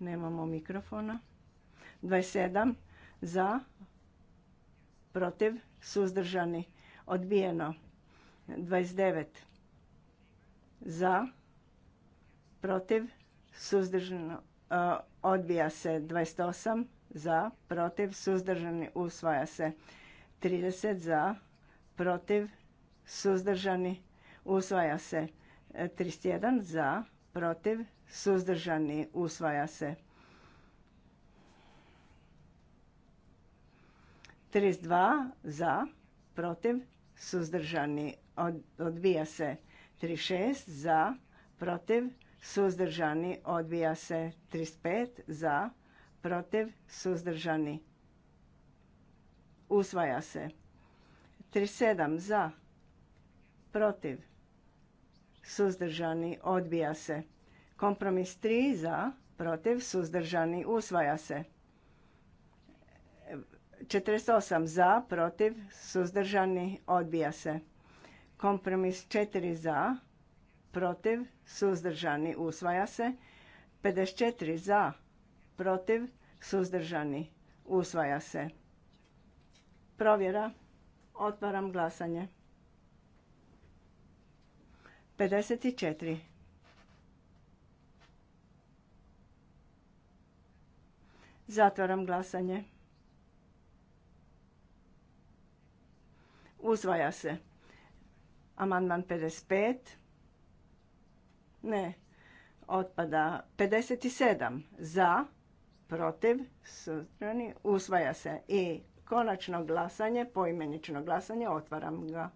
Nemamo mikrofona. 27 za, protiv, suzdržani, odbijeno. 29 za, protiv, suzdržano, e, odbija se. 28 za, protiv, suzdržani, usvaja se. 30 za, protiv, suzdržani, usvaja se. 31 e, za, protiv, suzdržani, usvaja se. 32 za, protiv, suzdržani, odbija se. 36 za, protiv, suzdržani, odbija se. 35 za, protiv, suzdržani, usvaja se. 37 za, protiv, suzdržani, odbija se. Kompromis 3 za, protiv, suzdržani, usvaja se. 48 za, protiv, suzdržani, odbija se. Kompromis 4 za, protiv, suzdržani, usvaja se. 54 za, protiv, suzdržani, usvaja se. Provjera. Otvaram glasanje. 54. Zatvaram glasanje. Usvaja se. Amandman 55. Ne. Otpada 57. Za. Protiv. Uzvaja Usvaja se. I konačno glasanje, poimenično glasanje, otvaram ga.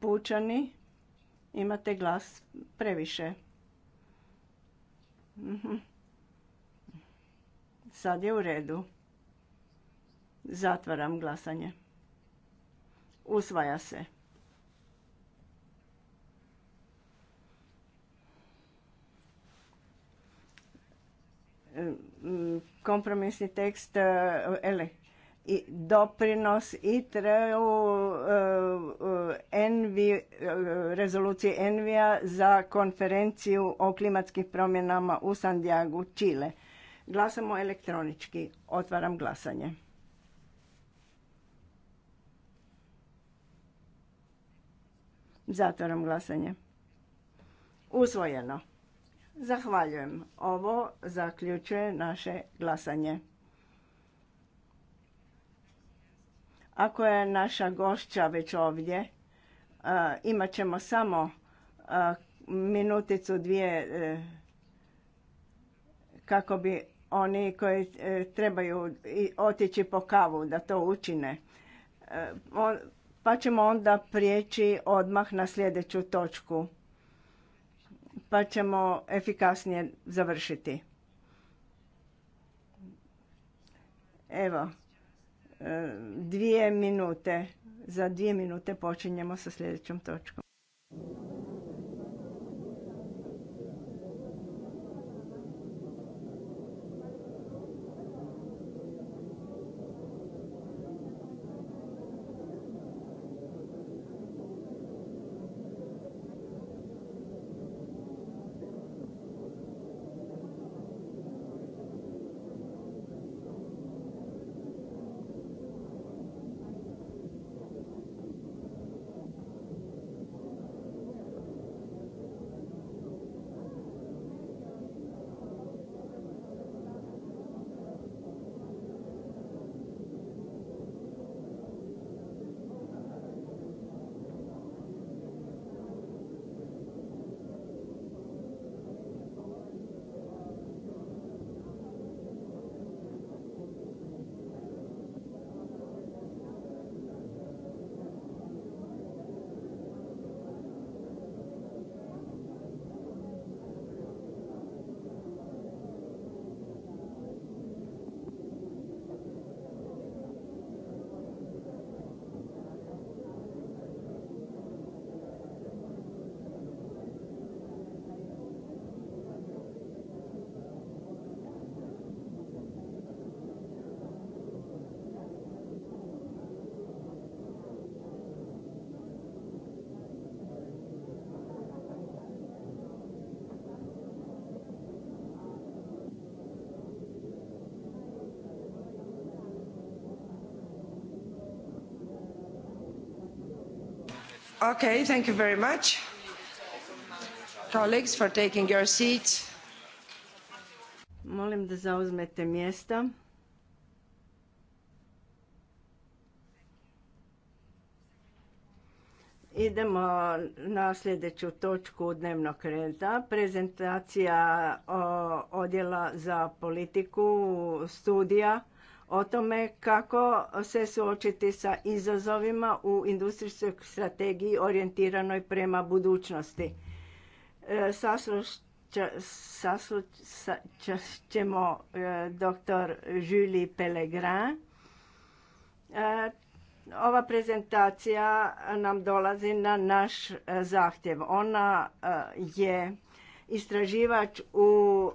Pučani Imate glas previše. Mhm. Sad je u redu. Zatvaram glasanje. Usvaja se. Mm, kompromisni tekst e, ele, i doprinos i u eh, eh, Envi, eh, rezoluciji Envija za konferenciju o klimatskim promjenama u Santiago, Čile. Glasamo elektronički. Otvaram glasanje. Zatvaram glasanje. Usvojeno. Zahvaljujem. Ovo zaključuje naše glasanje. Ako je naša gošća već ovdje, e, imat ćemo samo e, minuticu, dvije, e, kako bi oni koji trebaju otići po kavu da to učine. Pa ćemo onda prijeći odmah na sljedeću točku. Pa ćemo efikasnije završiti. Evo dvije minute. Za dvije minute počinjemo sa sljedećom točkom. Okay, thank you very much, colleagues, for taking your seats. Molim da zauzmete mjesta. Idemo na sljedeću točku dnevnog reda. Prezentacija odjela za politiku studija o tome kako se suočiti sa izazovima u industrijskoj strategiji orijentiranoj prema budućnosti. E, Saslušat ćemo e, dr. Julie Pellegrin. E, ova prezentacija nam dolazi na naš zahtjev. Ona je istraživač u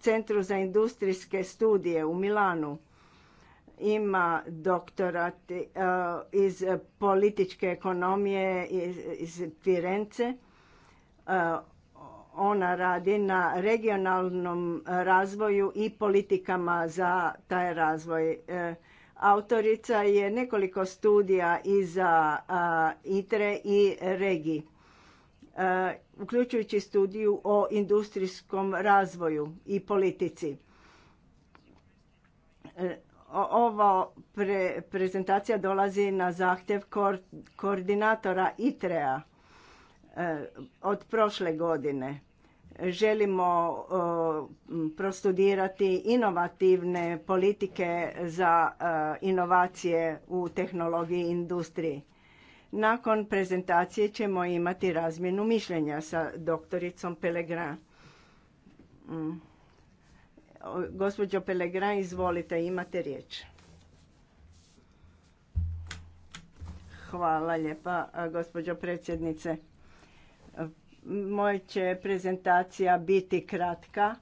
Centru za industrijske studije u Milanu. Ima doktorat e, iz političke ekonomije iz Firence. E, ona radi na regionalnom razvoju i politikama za taj razvoj. E, autorica je nekoliko studija i za ITRE i REGI uključujući studiju o industrijskom razvoju i politici. E, Ova prezentacija dolazi na zahtjev koordinatora ITREA e, od prošle godine. Želimo prostudirati inovativne politike za e, inovacije u tehnologiji i industriji nakon prezentacije ćemo imati razmjenu mišljenja sa doktoricom Pelegran. Mm. Gospođo Pelegran, izvolite, imate riječ. Hvala lijepa, gospođo predsjednice. Moja će prezentacija biti kratka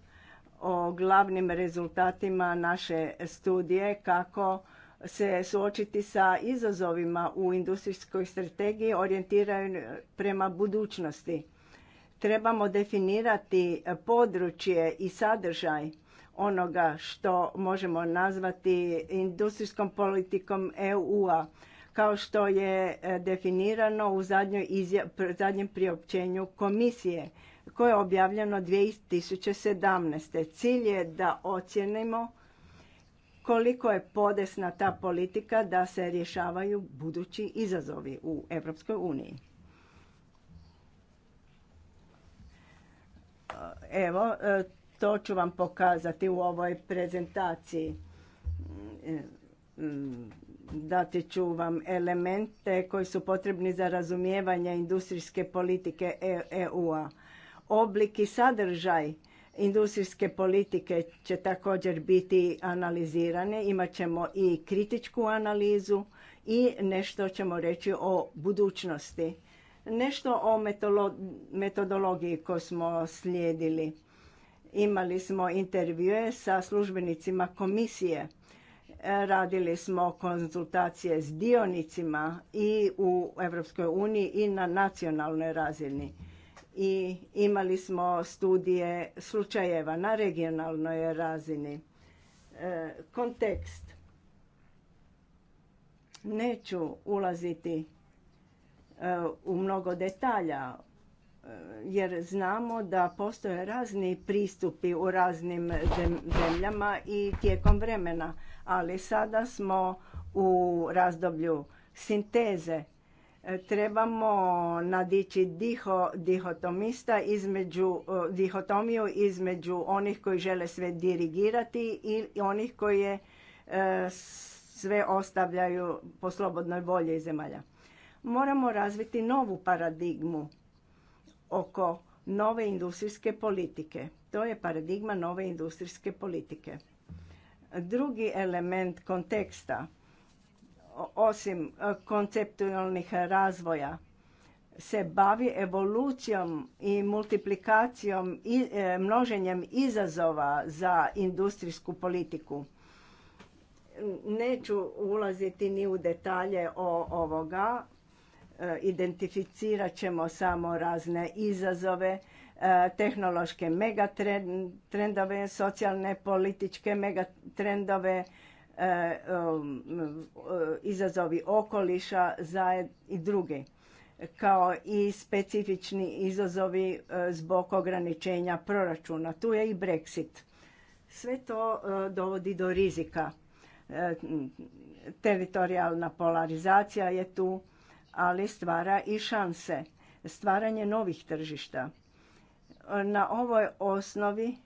o glavnim rezultatima naše studije kako se suočiti sa izazovima u industrijskoj strategiji orijentiraju prema budućnosti. Trebamo definirati područje i sadržaj onoga što možemo nazvati industrijskom politikom EU-a, kao što je e, definirano u zadnjem priopćenju komisije koje je objavljeno 2017. Cilj je da ocjenimo koliko je podesna ta politika da se rješavaju budući izazovi u Europskoj uniji. Evo, e, to ću vam pokazati u ovoj prezentaciji. Mm, dati ću vam elemente koji su potrebni za razumijevanje industrijske politike EU-a. E Oblik i sadržaj Industrijske politike će također biti analizirane, imat ćemo i kritičku analizu i nešto ćemo reći o budućnosti. Nešto o metodologiji koju smo slijedili. Imali smo intervjue sa službenicima komisije. Radili smo konzultacije s dionicima i u EU i na nacionalnoj razini i imali smo studije slučajeva na regionalnoj razini. E, kontekst. Neću ulaziti e, u mnogo detalja e, jer znamo da postoje razni pristupi u raznim zemljama i tijekom vremena, ali sada smo u razdoblju sinteze trebamo nadići diho, dihotomista između, e, dihotomiju između onih koji žele sve dirigirati i onih koji je, e, sve ostavljaju po slobodnoj volji zemalja. Moramo razviti novu paradigmu oko nove industrijske politike. To je paradigma nove industrijske politike. Drugi element konteksta osim e, konceptualnih razvoja se bavi evolucijom i multiplikacijom i e, množenjem izazova za industrijsku politiku. Neću ulaziti ni u detalje o ovoga. E, identificirat ćemo samo razne izazove, tehnološke megatrendove, socijalne političke megatrendove, E, e, izazovi okoliša i drugi kao i specifični izazovi e, zbog ograničenja proračuna. Tu je i Brexit. Sve to dovodi do rizika. Teritorijalna polarizacija je tu, ali stvara i šanse. Stvaranje novih tržišta. Na ovoj osnovi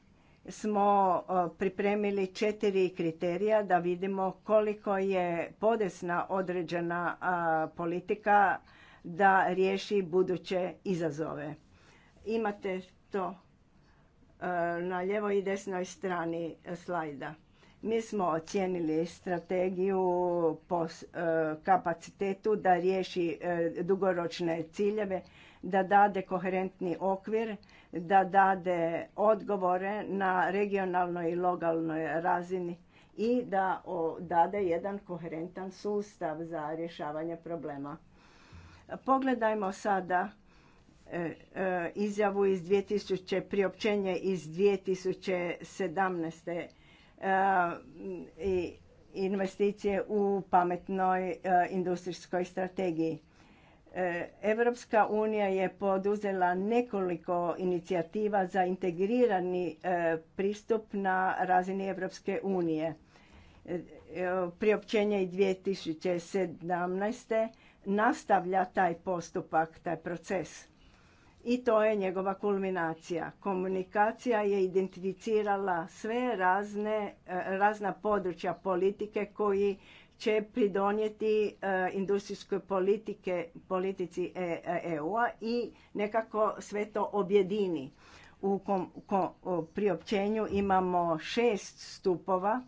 smo e, pripremili četiri kriterija da vidimo koliko je podesna određena politika da riješi buduće izazove. Imate to e, na ljevoj i desnoj strani slajda. Mi smo ocijenili strategiju po e, kapacitetu da riješi dugoročne ciljeve da dade koherentni okvir, da dade odgovore na regionalnoj i lokalnoj razini i da dade jedan koherentan sustav za rješavanje problema. Pogledajmo sada e, e, izjavu iz 2000, priopćenje iz 2017. E, i investicije u pametnoj industrijskoj strategiji. E, Evropska unija je poduzela nekoliko inicijativa za integrirani e, pristup na razini Evropske unije. E, priopćenje i 2017. nastavlja taj postupak, taj proces. I to je njegova kulminacija. Komunikacija je identificirala sve razne, razna područja politike koji će pridonijeti e, industrijskoj politike, politici EU-a e, e i nekako sve to objedini. U kom, priopćenju imamo šest stupova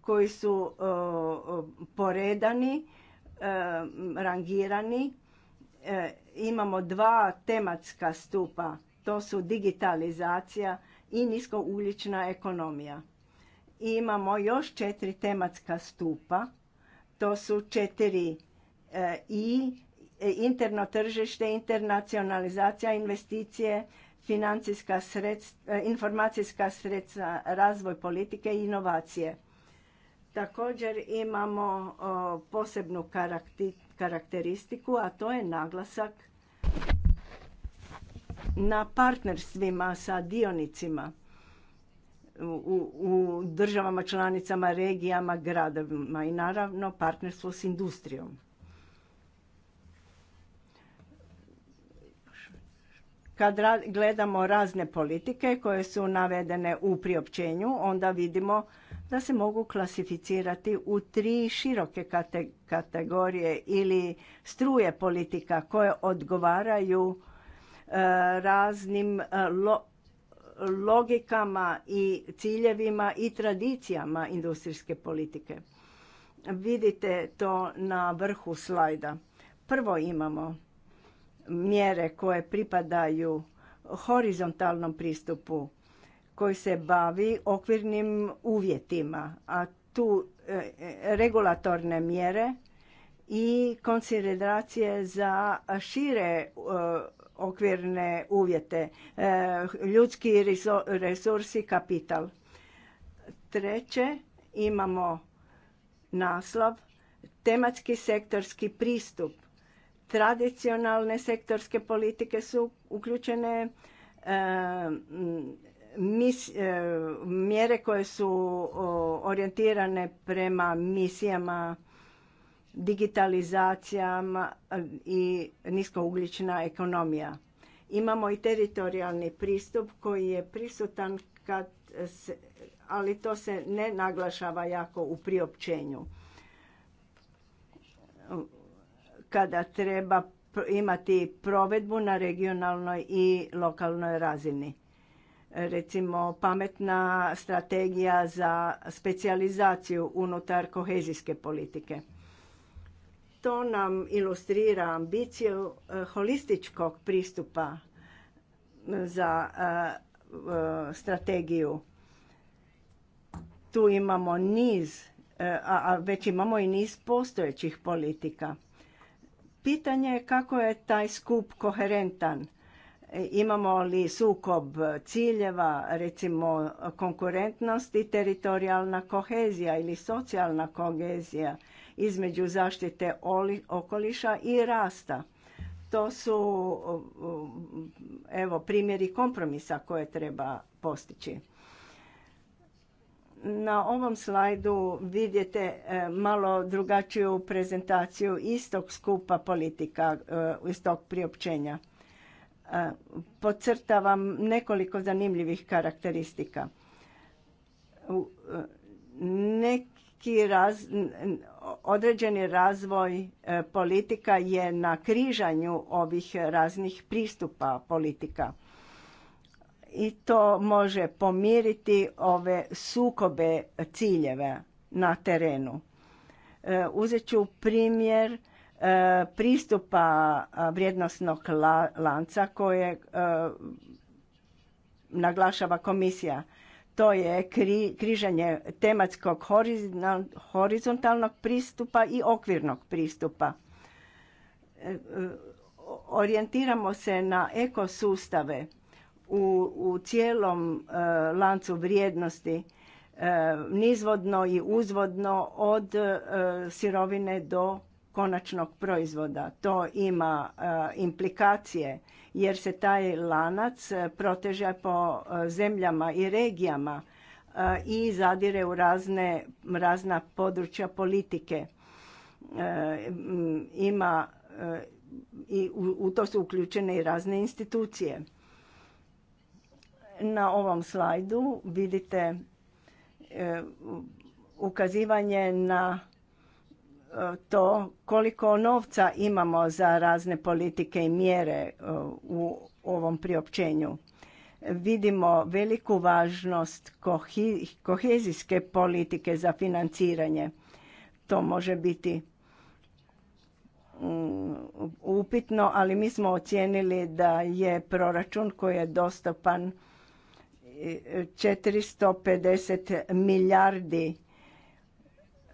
koji su poredani, rangirani. imamo dva tematska stupa, to su digitalizacija i niskougljična ekonomija imamo još četiri tematska stupa. To su četiri e, i e, interno tržište, internacionalizacija investicije, financijska sredstva, e, informacijska sredstva, razvoj politike i inovacije. Također imamo posebnu karakteristiku, a to je naglasak na partnerstvima sa dionicima u, u državama, članicama, regijama, gradovima i naravno partnerstvo s industrijom. Kad gledamo razne politike koje su navedene u priopćenju, onda vidimo da se mogu klasificirati u tri široke kategorije ili struje politika koje odgovaraju e, raznim e, lo logikama i ciljevima i tradicijama industrijske politike. Vidite to na vrhu slajda. Prvo imamo mjere koje pripadaju horizontalnom pristupu koji se bavi okvirnim uvjetima, a tu e, e, regulatorne mjere i konsideracije za šire e, okvirne uvjete, e, ljudski resursi, kapital. Treće, imamo naslov, tematski sektorski pristup. Tradicionalne sektorske politike su uključene e, e, mjere koje su orijentirane prema misijama digitalizacijama eh, i niskougljična ekonomija. Imamo i teritorijalni pristup koji je prisutan kad se, ali to se ne naglašava jako u priopćenju. Kada treba imati provedbu na regionalnoj i lokalnoj razini. Recimo pametna strategija za specijalizaciju unutar kohezijske politike to nam ilustrira ambiciju e, holističkog pristupa e, za e, strategiju. Tu imamo niz, a već imamo i niz postojećih politika. Pitanje je kako je taj skup koherentan. Imamo li sukob ciljeva, recimo konkurentnost i teritorijalna kohezija ili socijalna kohezija između zaštite okoliša i rasta. To su evo primjeri kompromisa koje treba postići. Na ovom slajdu vidite e, malo drugačiju prezentaciju istog skupa politika, e, istog priopćenja. E, podcrtavam nekoliko zanimljivih karakteristika. Neki raz, određeni razvoj e, politika je na križanju ovih raznih pristupa politika i to može pomiriti ove sukobe ciljeve na terenu. E, uzet ću primjer e, pristupa vrijednosnog lanca koje naglašava komisija to je križanje tematskog horizontalnog pristupa i okvirnog pristupa. E, e, orijentiramo se na ekosustave u, u cijelom e, lancu vrijednosti, nizvodno i uzvodno od sirovine do konačnog proizvoda. To ima implikacije jer se taj lanac eh, proteže po eh, zemljama i regijama eh, i zadire u razne, razna područja politike. Mm, ima i u to su uključene i razne institucije. Na ovom slajdu vidite ukazivanje na to koliko novca imamo za razne politike i mjere e, u ovom priopćenju. Vidimo veliku važnost kohezijske politike za financiranje. To može biti mm, upitno, ali mi smo ocijenili da je proračun koji je dostupan 450 e, milijardi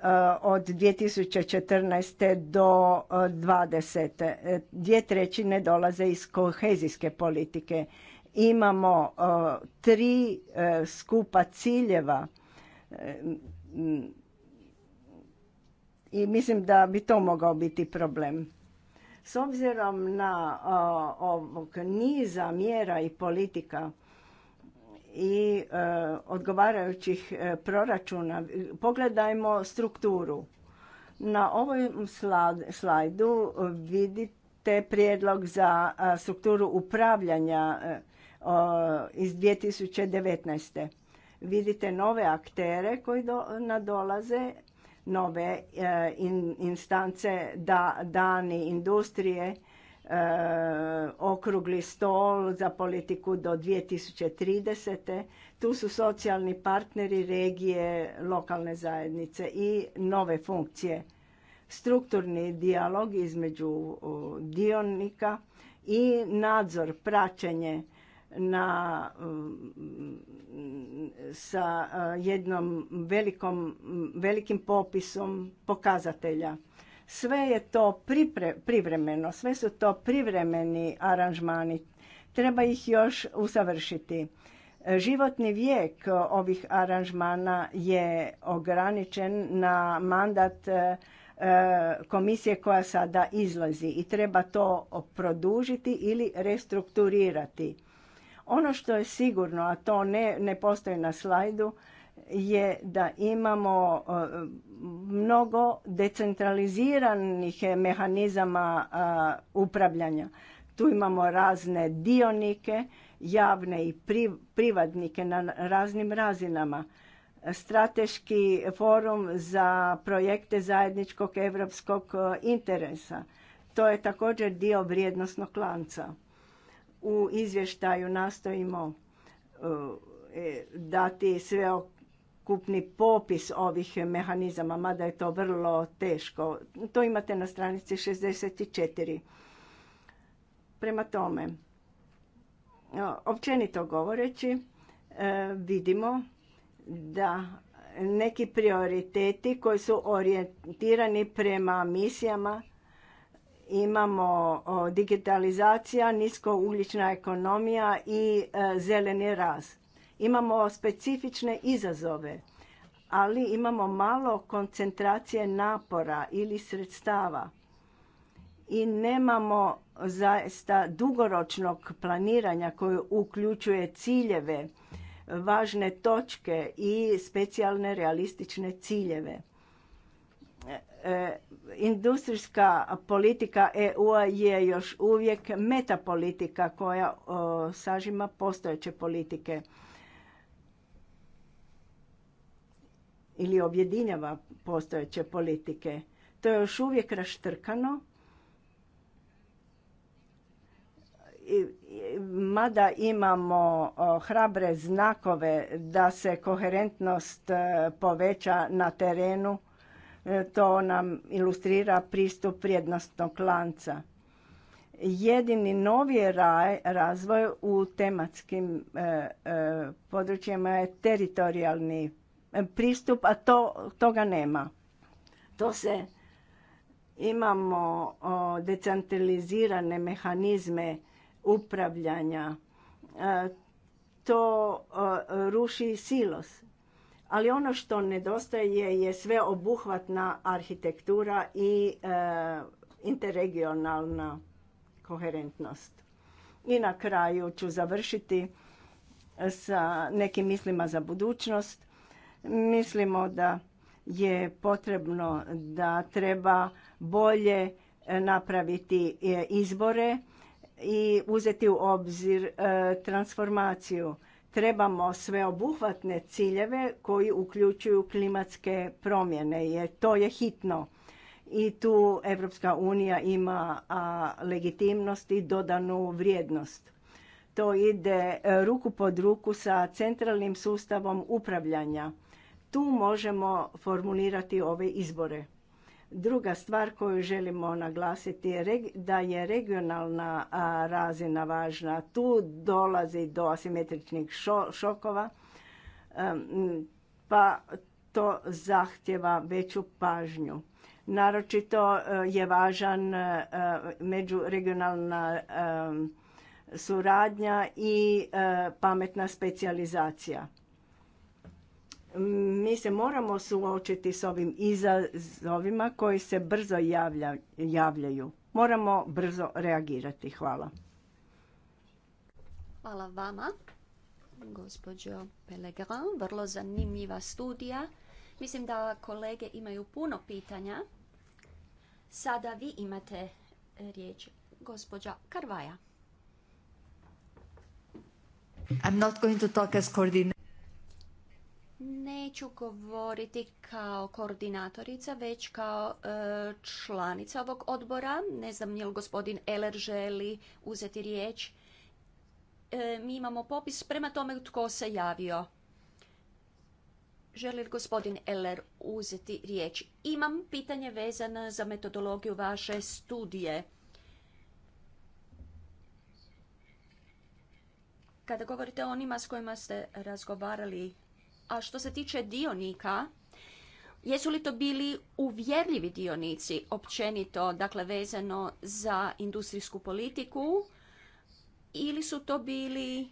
Eh, od 2014. do 2020. Eh, eh, dvije trećine dolaze iz kohezijske politike. Imamo tri skupa ciljeva i mislim da bi to mogao biti problem. S obzirom na ovog niza mjera i politika, i e, odgovarajućih e, proračuna. Pogledajmo strukturu. Na ovom slajdu vidite prijedlog za e, strukturu upravljanja iz 2019. Vidite nove aktere koji do, nadolaze, nove instance, da, dani industrije, E, okrugli stol za politiku do 2030. Tu su socijalni partneri regije, lokalne zajednice i nove funkcije. Strukturni dijalog između dionika i nadzor, praćenje na, mm, sa e, jednom velikom, velikim popisom pokazatelja sve je to privremeno, sve su to privremeni aranžmani. Treba ih još usavršiti. Životni vijek ovih aranžmana je ograničen na mandat e, komisije koja sada izlazi i treba to produžiti ili restrukturirati. Ono što je sigurno, a to ne, ne postoji na slajdu, je da imamo e, mnogo decentraliziranih mehanizama e, upravljanja. Tu imamo razne dionike, javne i privatnike na raznim razinama. Strateški forum za projekte zajedničkog evropskog e, interesa. To je također dio vrijednostnog lanca. U izvještaju nastojimo dati sve cjelokupni popis ovih mehanizama, mada je to vrlo teško. To imate na stranici 64. Prema tome, općenito govoreći, e, vidimo da neki prioriteti koji su orijentirani prema misijama imamo digitalizacija, niskougljična ekonomija i e, zeleni raz. Imamo specifične izazove, ali imamo malo koncentracije napora ili sredstava i nemamo zaista dugoročnog planiranja koje uključuje ciljeve, važne točke i specijalne realistične ciljeve. E, industrijska politika eu je još uvijek metapolitika koja sažima postojeće politike. ili objedinjava postojeće politike. To je još uvijek raštrkano, mada imamo hrabre znakove da se koherentnost e, poveća na terenu, e, to nam ilustrira pristup prijednostnog lanca. Jedini novi razvoj u tematskim e, područjima je teritorijalni pristup, a to, toga nema. To se imamo decentralizirane mehanizme upravljanja. E, to ruši silos. Ali ono što nedostaje je sveobuhvatna arhitektura i e, interregionalna koherentnost. I na kraju ću završiti sa nekim mislima za budućnost. Mislimo da je potrebno da treba bolje e, napraviti e, izbore i uzeti u obzir e, transformaciju. Trebamo sveobuhvatne ciljeve koji uključuju klimatske promjene jer to je hitno. I tu Evropska unija ima legitimnost i dodanu vrijednost. To ide ruku pod ruku sa centralnim sustavom upravljanja tu možemo formulirati ove izbore. Druga stvar koju želimo naglasiti je da je regionalna razina važna. Tu dolazi do asimetričnih šokova, pa to zahtjeva veću pažnju. Naročito e, je važan e, međuregionalna suradnja i e, pametna specijalizacija. Mi se moramo suočiti s ovim izazovima koji se brzo javlja, javljaju. Moramo brzo reagirati. Hvala. Hvala vama, gospođo Pelegrin. Vrlo zanimljiva studija. Mislim da kolege imaju puno pitanja. Sada vi imate riječ, gospođa Karvaja. I'm not going to talk as coordinator. Neću govoriti kao koordinatorica, već kao e, članica ovog odbora. Ne znam je li gospodin Eler želi uzeti riječ. E, mi imamo popis prema tome tko se javio. Želi li gospodin Eller uzeti riječ? Imam pitanje vezano za metodologiju vaše studije. Kada govorite o onima s kojima ste razgovarali a što se tiče dionika, jesu li to bili uvjerljivi dionici općenito, dakle vezano za industrijsku politiku ili su to bili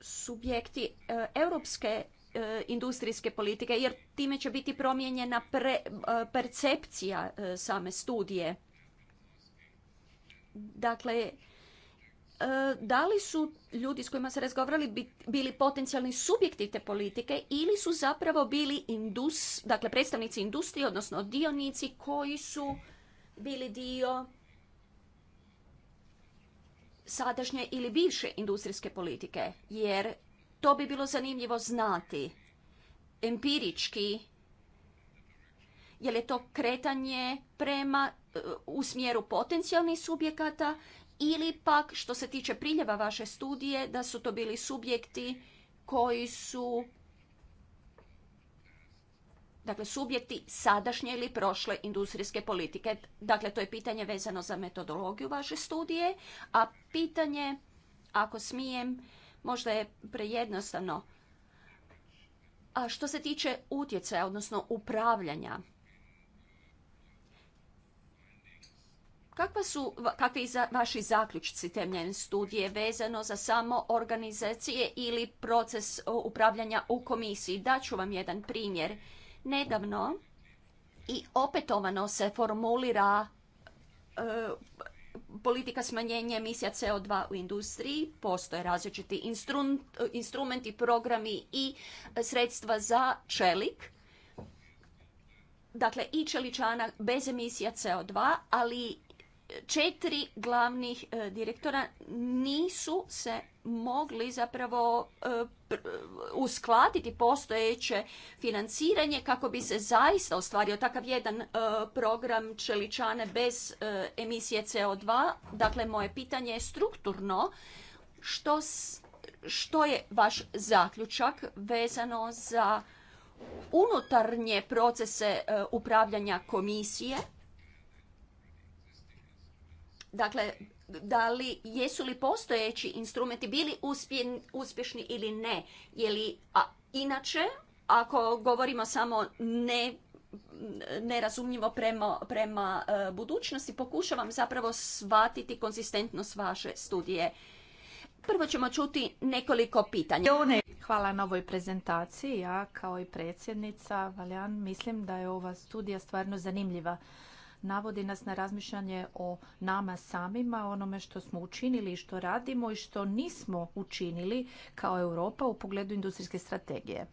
subjekti e, europske e, industrijske politike jer time će biti promijenjena e, percepcija same studije. Dakle, E, da li su ljudi s kojima se razgovarali bili potencijalni subjekti te politike ili su zapravo bili indus, dakle predstavnici industrije, odnosno dionici koji su bili dio sadašnje ili bivše industrijske politike, jer to bi bilo zanimljivo znati empirički, je li to kretanje prema e, u smjeru potencijalnih subjekata ili pak što se tiče priljeva vaše studije da su to bili subjekti koji su dakle subjekti sadašnje ili prošle industrijske politike. Dakle, to je pitanje vezano za metodologiju vaše studije, a pitanje, ako smijem, možda je prejednostavno, a što se tiče utjecaja, odnosno upravljanja, Kakva su, kakvi za, vaši zaključci temeljem studije vezano za samo organizacije ili proces upravljanja u komisiji? Daću vam jedan primjer. Nedavno i opetovano se formulira e, politika smanjenja emisija CO2 u industriji, postoje različiti instrumenti, programi i sredstva za čelik. Dakle, i čeličana bez emisija CO2, ali četiri glavnih e, direktora nisu se mogli zapravo e, uskladiti postojeće financiranje kako bi se zaista ostvario takav jedan e, program čeličane bez emisije CO2. Dakle, moje pitanje je strukturno što, što je vaš zaključak vezano za unutarnje procese upravljanja komisije Dakle, da li, jesu li postojeći instrumenti bili uspješni ili ne? Je li, a, inače, ako govorimo samo ne nerazumljivo prema, prema e, budućnosti, pokušavam zapravo shvatiti konzistentnost vaše studije. Prvo ćemo čuti nekoliko pitanja. Hvala na ovoj prezentaciji. Ja kao i predsjednica Valjan mislim da je ova studija stvarno zanimljiva navodi nas na razmišljanje o nama samima, onome što smo učinili i što radimo i što nismo učinili kao Europa u pogledu industrijske strategije.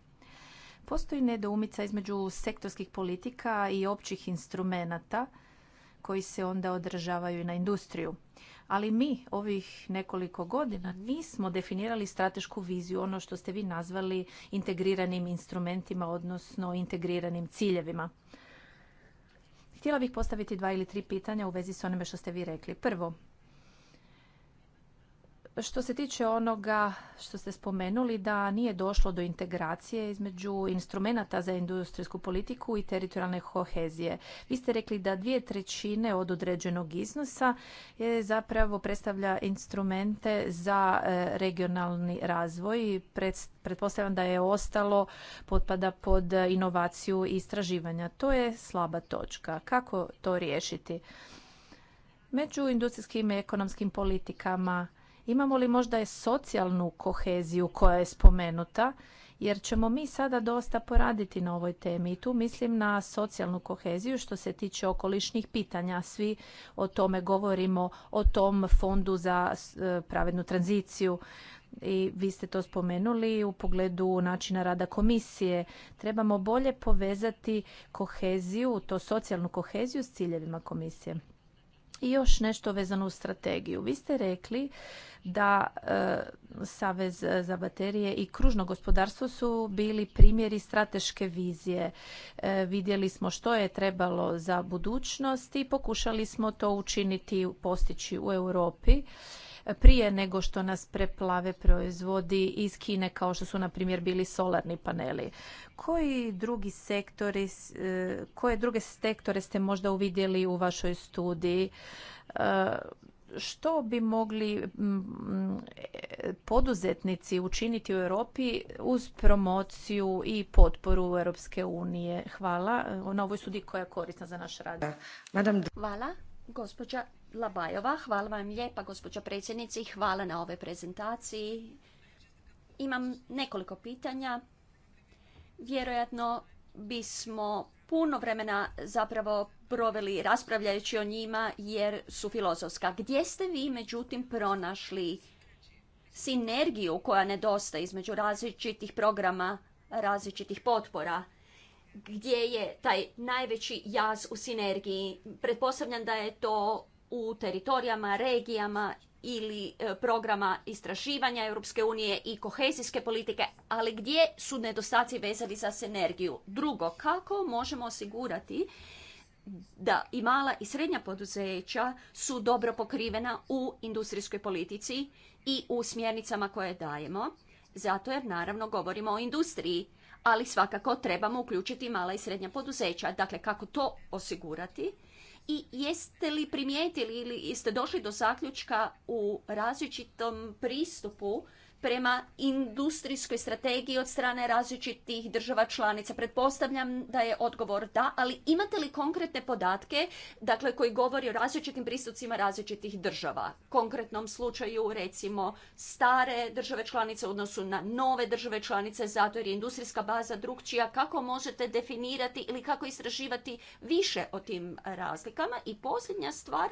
Postoji nedoumica između sektorskih politika i općih instrumenata koji se onda održavaju na industriju. Ali mi ovih nekoliko godina nismo definirali stratešku viziju, ono što ste vi nazvali integriranim instrumentima, odnosno integriranim ciljevima. Htjela bih postaviti dva ili tri pitanja u vezi s onime što ste vi rekli. Prvo, što se tiče onoga što ste spomenuli da nije došlo do integracije između instrumenata za industrijsku politiku i teritorijalne kohezije. Vi ste rekli da dvije trećine od određenog iznosa zapravo predstavlja instrumente za e, regionalni razvoj. Pretpostavljam da je ostalo potpada pod inovaciju i istraživanja. To je slaba točka. Kako to riješiti? Među industrijskim i ekonomskim politikama Imamo li možda socijalnu koheziju koja je spomenuta? Jer ćemo mi sada dosta poraditi na ovoj temi i tu mislim na socijalnu koheziju što se tiče okolišnih pitanja. Svi o tome govorimo, o tom fondu za e, pravednu tranziciju i vi ste to spomenuli u pogledu načina rada komisije. Trebamo bolje povezati koheziju, to socijalnu koheziju s ciljevima komisije. I još nešto vezano u strategiju. Vi ste rekli da e, Savez za baterije i kružno gospodarstvo su bili primjeri strateške vizije. E, vidjeli smo što je trebalo za budućnost i pokušali smo to učiniti postići u Europi prije nego što nas preplave proizvodi iz Kine kao što su na primjer bili solarni paneli. Koji drugi sektori, e, koje druge sektore ste možda uvidjeli u vašoj studiji? E, što bi mogli poduzetnici učiniti u Europi uz promociju i potporu Europske unije? Hvala na ovoj studiji koja je korisna za naš rad. Hvala, gospođa Labajova. Hvala vam lijepa, gospođo predsjednici. Hvala na ove prezentaciji. Imam nekoliko pitanja. Vjerojatno bismo puno vremena zapravo proveli raspravljajući o njima jer su filozofska. Gdje ste vi međutim pronašli sinergiju koja nedostaje između različitih programa, različitih potpora? Gdje je taj najveći jaz u sinergiji? Pretpostavljam da je to u teritorijama, regijama ili e, programa istraživanja Europske unije i kohezijske politike, ali gdje su nedostaci vezani za sinergiju? Drugo, kako možemo osigurati da i mala i srednja poduzeća su dobro pokrivena u industrijskoj politici i u smjernicama koje dajemo, zato jer naravno govorimo o industriji, ali svakako trebamo uključiti mala i srednja poduzeća. Dakle, kako to osigurati? i jeste li primijetili ili jeste došli do zaključka u različitom pristupu prema industrijskoj strategiji od strane različitih država članica? Pretpostavljam da je odgovor da, ali imate li konkretne podatke dakle, koji govori o različitim pristupcima različitih država? U Konkretnom slučaju, recimo, stare države članice u odnosu na nove države članice, zato jer je industrijska baza drugčija. Kako možete definirati ili kako istraživati više o tim razlikama? I posljednja stvar,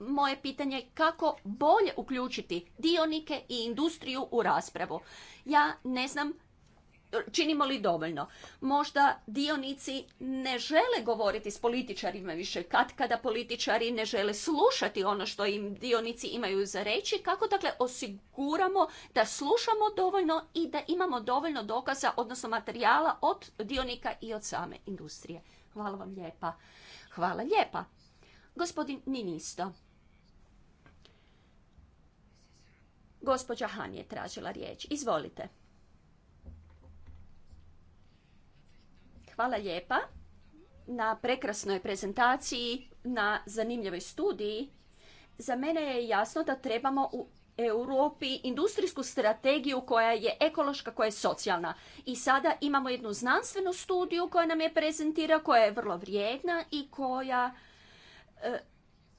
moje pitanje kako bolje uključiti dionike i industriju u raspravu. Ja ne znam činimo li dovoljno. Možda dionici ne žele govoriti s političarima više, kad kada političari ne žele slušati ono što im dionici imaju za reći, kako dakle osiguramo da slušamo dovoljno i da imamo dovoljno dokaza, odnosno materijala od dionika i od same industrije. Hvala vam lijepa. Hvala lijepa. Gospodin Ninisto. Gospođa Han je tražila riječ. Izvolite. Hvala lijepa na prekrasnoj prezentaciji, na zanimljivoj studiji. Za mene je jasno da trebamo u Europi industrijsku strategiju koja je ekološka, koja je socijalna. I sada imamo jednu znanstvenu studiju koja nam je prezentira, koja je vrlo vrijedna i koja e,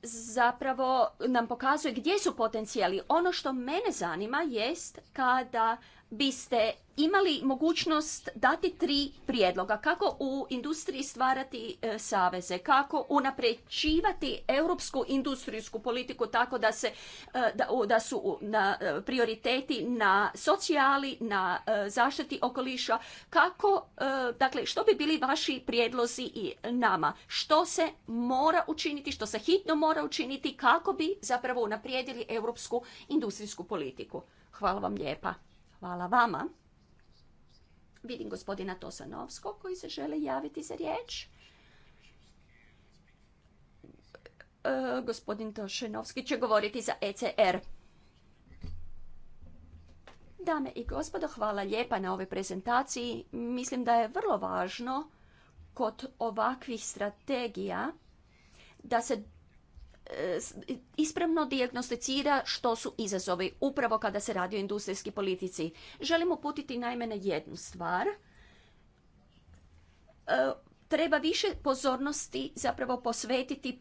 zapravo nam pokazuje gdje su potencijali. Ono što mene zanima jest kada biste imali mogućnost dati tri prijedloga. Kako u industriji stvarati e, saveze, kako unapređivati europsku industrijsku politiku tako da, se, e, da, su na, e, prioriteti na socijali, na zaštiti okoliša, kako, dakle, što bi bili vaši prijedlozi i nama? Što se mora učiniti, što se hitno mora učiniti kako bi zapravo unaprijedili europsku industrijsku politiku? Hvala vam lijepa. Hvala vama. Vidim gospodina Tosanovskog koji se želi javiti za riječ. E, gospodin Tošenovski će govoriti za ECR. Dame i gospodo, hvala lijepa na ovoj prezentaciji. Mislim da je vrlo važno kod ovakvih strategija da se E, ispravno dijagnosticira što su izazovi, upravo kada se radi o industrijski politici. Želim uputiti najmene na jednu stvar. E, treba više pozornosti zapravo posvetiti e,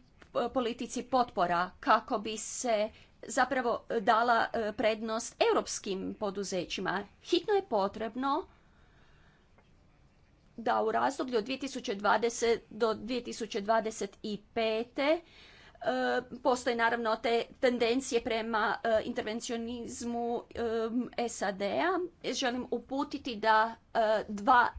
politici potpora kako bi se zapravo dala prednost europskim poduzećima. Hitno je potrebno da u razdoblju od 2020 do 2025 E, postoje naravno te tendencije prema e, intervencionizmu e, SAD-a. Želim uputiti da dva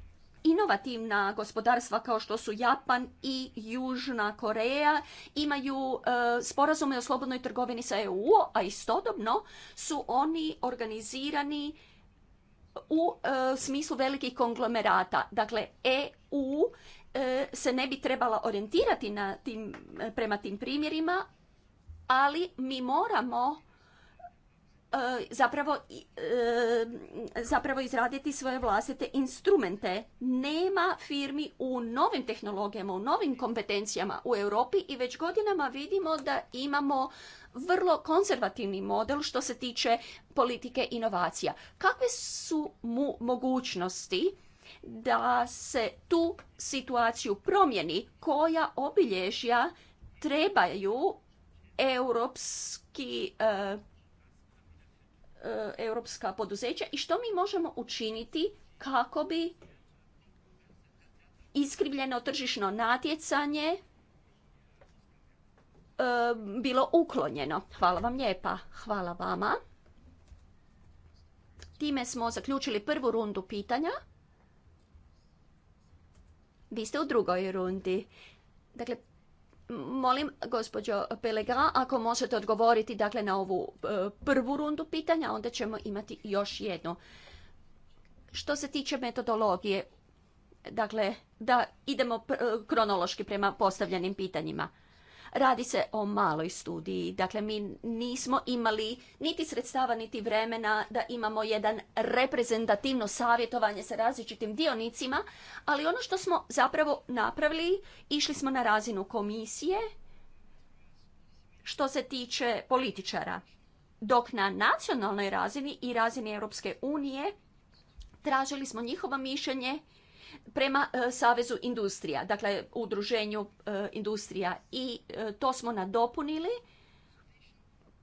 inovativna gospodarstva kao što su Japan i Južna Koreja imaju sporazume o slobodnoj trgovini sa EU, a istodobno su oni organizirani u smislu velikih konglomerata. Dakle, EU E, se ne bi trebala orijentirati na tim, e, prema tim primjerima, ali mi moramo e, zapravo, zapravo izraditi svoje vlastite instrumente. Nema firmi u novim tehnologijama, u novim kompetencijama u Europi i već godinama vidimo da imamo vrlo konzervativni model što se tiče politike inovacija. Kakve su mu mogućnosti da se tu situaciju promjeni koja obilježja trebaju europski e, e, europska poduzeća i što mi možemo učiniti kako bi iskrivljeno tržišno natjecanje e, bilo uklonjeno. Hvala vam lijepa. Hvala vama. Time smo zaključili prvu rundu pitanja. Vi ste u drugoj rundi. Dakle, molim gospođo Pelega, ako možete odgovoriti dakle, na ovu e, prvu rundu pitanja, onda ćemo imati još jednu. Što se tiče metodologije, dakle, da idemo kronološki prema postavljenim pitanjima. Radi se o maloj studiji, dakle mi nismo imali niti sredstava niti vremena da imamo jedan reprezentativno savjetovanje sa različitim dionicima, ali ono što smo zapravo napravili, išli smo na razinu komisije što se tiče političara. Dok na nacionalnoj razini i razini Europske unije tražili smo njihovo mišljenje prema e, Savezu industrija, dakle udruženju e, industrija i e, to smo nadopunili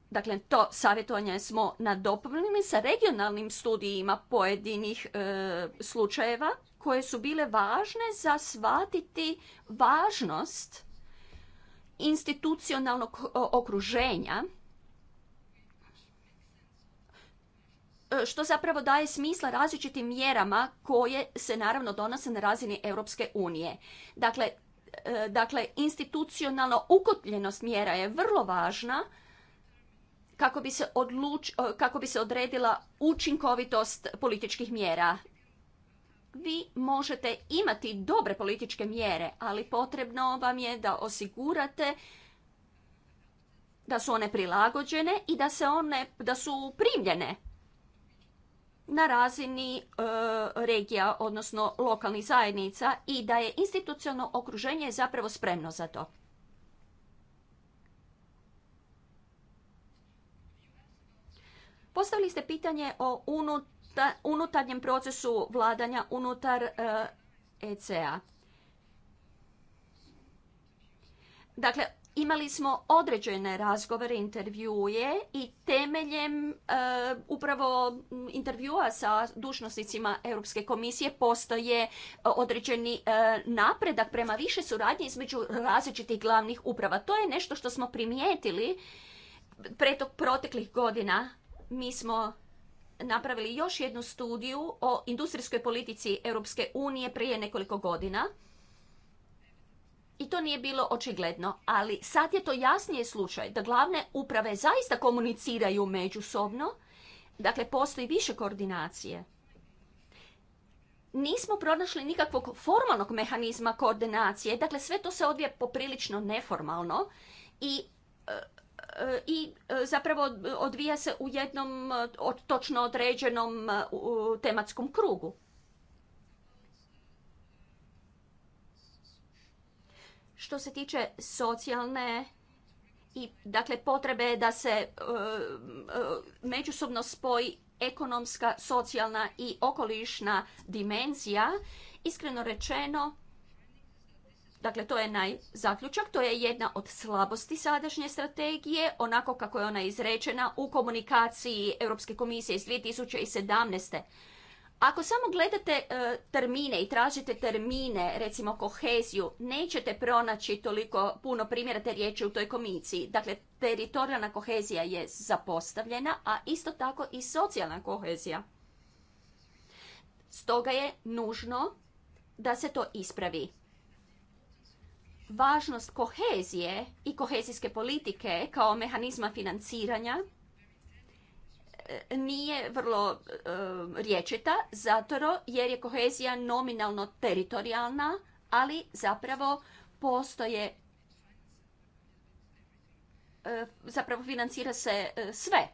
Dakle, to savjetovanje smo nadopunili sa regionalnim studijima pojedinih slučajeva koje su bile važne za shvatiti važnost institucionalnog okruženja E, što zapravo daje smisla različitim mjerama koje se naravno donose na razini Europske unije. Dakle, e, dakle institucionalna ukotljenost mjera je vrlo važna kako bi, se odluč, e, kako bi se odredila učinkovitost političkih mjera. Vi možete imati dobre političke mjere, ali potrebno vam je da osigurate da su one prilagođene i da se one da su primljene na razini e, regija, odnosno lokalnih zajednica i da je institucionalno okruženje zapravo spremno za to. Postavili ste pitanje o unuta, unutarnjem procesu vladanja unutar ECA. E dakle, Imali smo određene razgovore, intervjuje i temeljem e, upravo intervjua sa dužnosnicima Europske komisije postoje e, određeni e, napredak prema više suradnje između različitih glavnih uprava. To je nešto što smo primijetili pretok proteklih godina. Mi smo napravili još jednu studiju o industrijskoj politici Europske unije prije nekoliko godina i to nije bilo očigledno, ali sad je to jasnije slučaj da glavne uprave zaista komuniciraju međusobno, dakle postoji više koordinacije. Nismo pronašli nikakvog formalnog mehanizma koordinacije, dakle sve to se odvija poprilično neformalno i e, e, i e, zapravo odvija se u jednom točno određenom tematskom krugu. Što se tiče socijalne i dakle potrebe da se e, e, međusobno spoji ekonomska, socijalna i okolišna dimenzija, iskreno rečeno, Dakle, to je najzaključak, to je jedna od slabosti sadašnje strategije, onako kako je ona izrečena u komunikaciji Europske komisije iz 2017. Ako samo gledate e, termine i tražite termine, recimo koheziju, nećete pronaći toliko puno primjera te riječi u toj komisiji. Dakle, teritorijalna kohezija je zapostavljena, a isto tako i socijalna kohezija. Stoga je nužno da se to ispravi. Važnost kohezije i kohezijske politike kao mehanizma financiranja E, nije vrlo e, riječita, zato jer je kohezija nominalno teritorijalna, ali zapravo postoje e, zapravo financira se sve.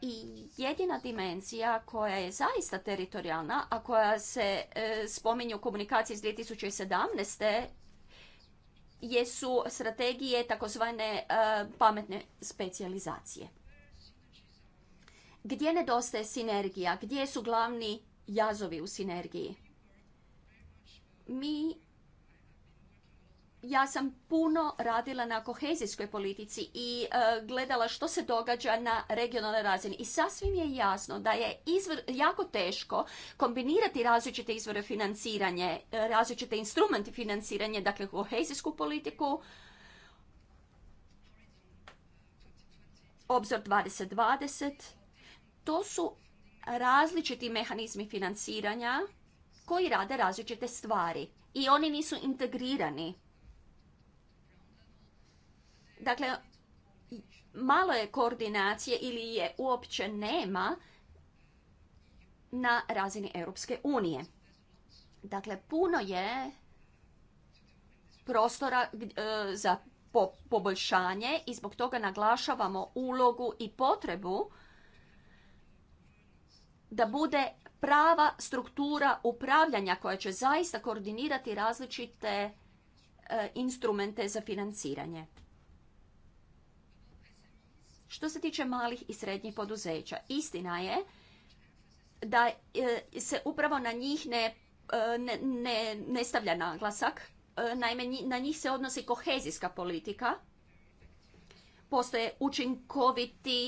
I jedina dimenzija koja je zaista teritorijalna, a koja se spominje u komunikaciji iz 2017 jesu strategije takozvane pametne specijalizacije. Gdje nedostaje sinergija? Gdje su glavni jazovi u sinergiji? Mi ja sam puno radila na kohezijskoj politici i e, gledala što se događa na regionalnoj razini i sasvim je jasno da je jako teško kombinirati različite izvore financiranje, e, različite instrumente financiranja, dakle kohezijsku politiku, obzor 2020 to su različiti mehanizmi financiranja koji rade različite stvari i oni nisu integrirani. Dakle, malo je koordinacije ili je uopće nema na razini Europske unije. Dakle, puno je prostora e, za poboljšanje i zbog toga naglašavamo ulogu i potrebu da bude prava struktura upravljanja koja će zaista koordinirati različite e, instrumente za financiranje. Što se tiče malih i srednjih poduzeća, istina je da e, se upravo na njih ne, e, ne, ne, ne stavlja naglasak. Naime, na njih se odnosi kohezijska politika. Postoje učinkoviti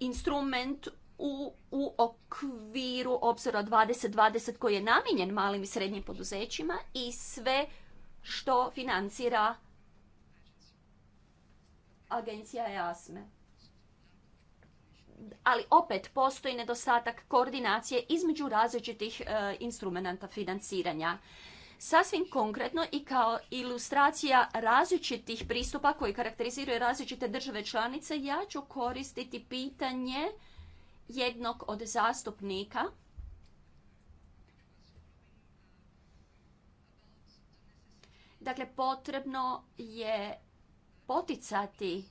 instrument u, u okviru obzora 2020 koji je namijenjen malim i srednjim poduzećima i sve što financira agencija EASME. E. Ali opet postoji nedostatak koordinacije između različitih e, instrumenta financiranja. Sasvim konkretno i kao ilustracija različitih pristupa koji karakteriziraju različite države članice, ja ću koristiti pitanje jednog od zastupnika Dakle, potrebno je poticati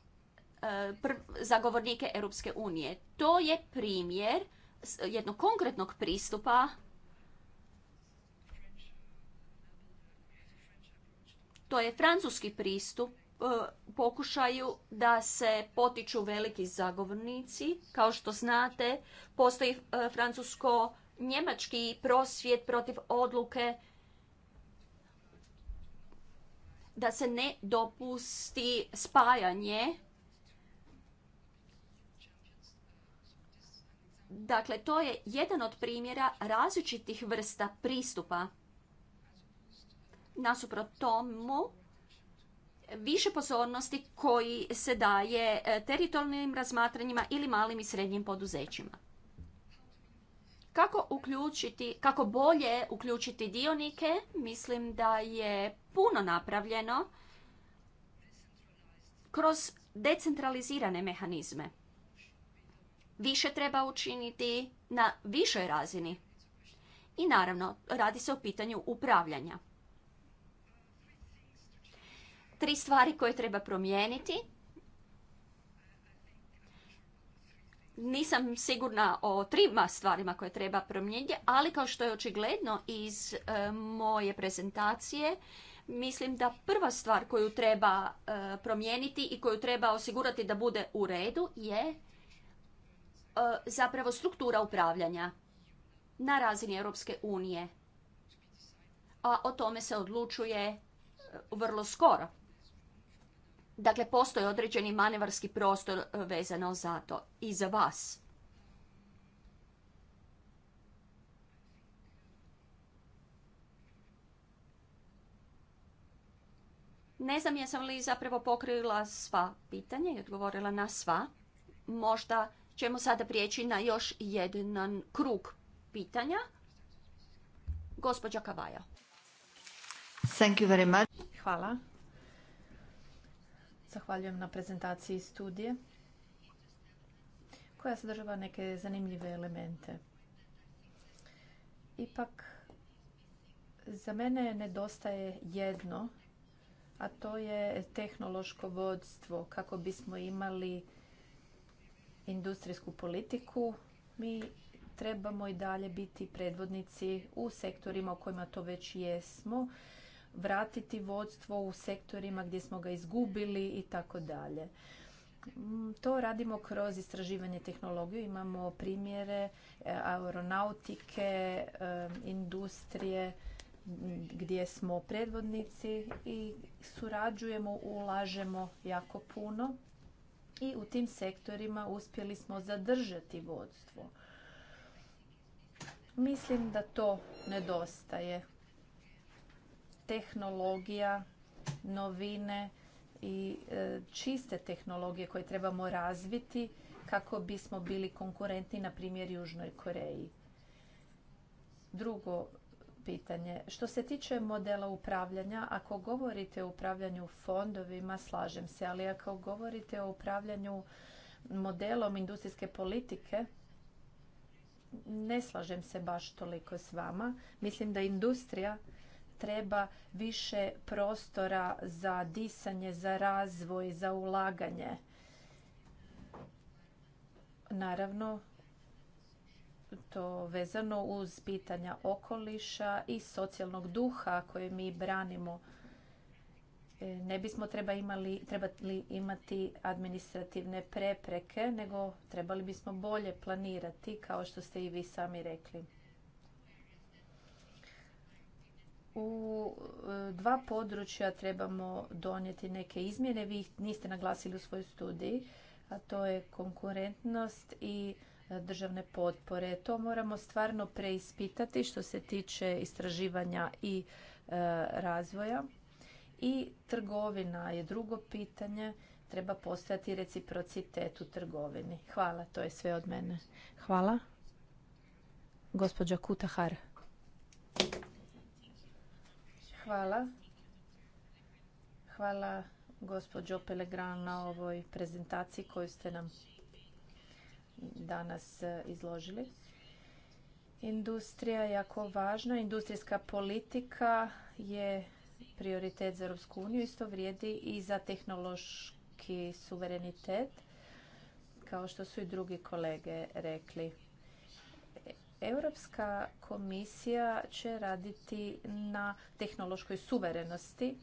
e, zagovornike Europske unije. To je primjer jednog konkretnog pristupa to je francuski pristup E, pokušaju da se potiču veliki zagovornici. Kao što znate, postoji e, francusko-njemački prosvjet protiv odluke da se ne dopusti spajanje. Dakle, to je jedan od primjera različitih vrsta pristupa. Nasuprot tomu, više pozornosti koji se daje e, teritorijalnim razmatranjima ili malim i srednjim poduzećima. Kako, uključiti, kako bolje uključiti dionike? Mislim da je puno napravljeno kroz decentralizirane mehanizme. Više treba učiniti na višoj razini. I naravno, radi se o pitanju upravljanja tri stvari koje treba promijeniti. Nisam sigurna o trima stvarima koje treba promijeniti, ali kao što je očigledno iz e, moje prezentacije, mislim da prva stvar koju treba e, promijeniti i koju treba osigurati da bude u redu je e, zapravo struktura upravljanja na razini Europske unije. A o tome se odlučuje vrlo skoro. Dakle, postoji određeni manevarski prostor e, vezano za to i za vas. Ne znam jesam li zapravo pokrila sva pitanja i odgovorila na sva. Možda ćemo sada prijeći na još jedan krug pitanja. Gospođa Kavaja. Hvala. Zahvaljujem na prezentaciji studije koja sadržava neke zanimljive elemente. Ipak, za mene nedostaje jedno, a to je tehnološko vodstvo. Kako bismo imali industrijsku politiku, mi trebamo i dalje biti predvodnici u sektorima u kojima to već jesmo vratiti vodstvo u sektorima gdje smo ga izgubili i tako dalje. Mm, to radimo kroz istraživanje tehnologiju. Imamo primjere e, aeronautike, e, industrije mm, gdje smo predvodnici i surađujemo, ulažemo jako puno i u tim sektorima uspjeli smo zadržati vodstvo. Mislim da to nedostaje tehnologija, novine i e, čiste tehnologije koje trebamo razviti kako bismo bili konkurentni na primjer Južnoj Koreji. Drugo pitanje. Što se tiče modela upravljanja, ako govorite o upravljanju fondovima, slažem se, ali ako govorite o upravljanju modelom industrijske politike, ne slažem se baš toliko s vama. Mislim da industrija treba više prostora za disanje, za razvoj, za ulaganje. Naravno, to vezano uz pitanja okoliša i socijalnog duha koje mi branimo. E, ne bismo trebali imati administrativne prepreke, nego trebali bismo bolje planirati, kao što ste i vi sami rekli. u e, dva područja trebamo donijeti neke izmjene. Vi ih niste naglasili u svojoj studiji, a to je konkurentnost i e, državne potpore. To moramo stvarno preispitati što se tiče istraživanja i e, razvoja. I trgovina je drugo pitanje. Treba postati reciprocitet u trgovini. Hvala, to je sve od mene. Hvala. Gospođa Kutahar. Hvala. Hvala gospođo Pelegran na ovoj prezentaciji koju ste nam danas e, izložili. Industrija je jako važna. Industrijska politika je prioritet za Europsku uniju. Isto vrijedi i za tehnološki suverenitet, kao što su i drugi kolege rekli. Europska komisija će raditi na tehnološkoj suverenosti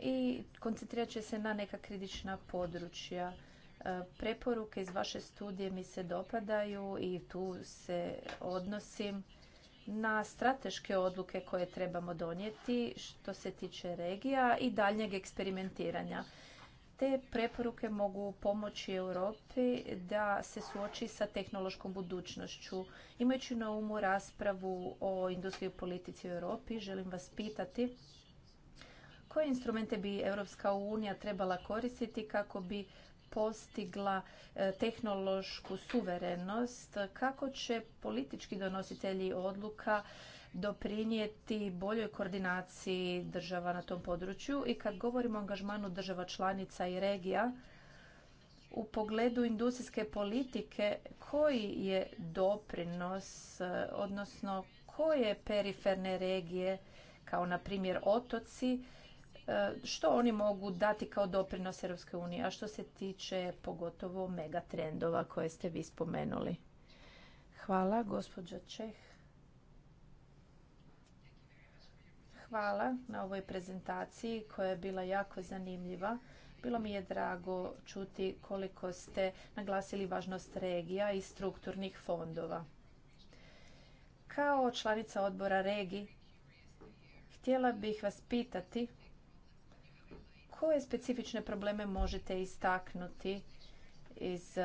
i koncentrirat će se na neka kritična područja. E, preporuke iz vaše studije mi se dopadaju i tu se odnosim na strateške odluke koje trebamo donijeti što se tiče regija i daljnjeg eksperimentiranja. Te preporuke mogu pomoći Europi da se suoči sa tehnološkom budućnošću. Imajući na umu raspravu o industriji politici u Europi, želim vas pitati koje instrumente bi Europska unija trebala koristiti kako bi postigla e, tehnološku suverenost, kako će politički donositelji odluka doprinijeti boljoj koordinaciji država na tom području i kad govorimo o angažmanu država članica i regija u pogledu industrijske politike koji je doprinos odnosno koje periferne regije kao na primjer otoci što oni mogu dati kao doprinos Europske unije, a što se tiče pogotovo megatrendova koje ste vi spomenuli. Hvala, gospođa Čeh. Hvala na ovoj prezentaciji koja je bila jako zanimljiva. Bilo mi je drago čuti koliko ste naglasili važnost regija i strukturnih fondova. Kao članica odbora regiji, htjela bih vas pitati koje specifične probleme možete istaknuti iz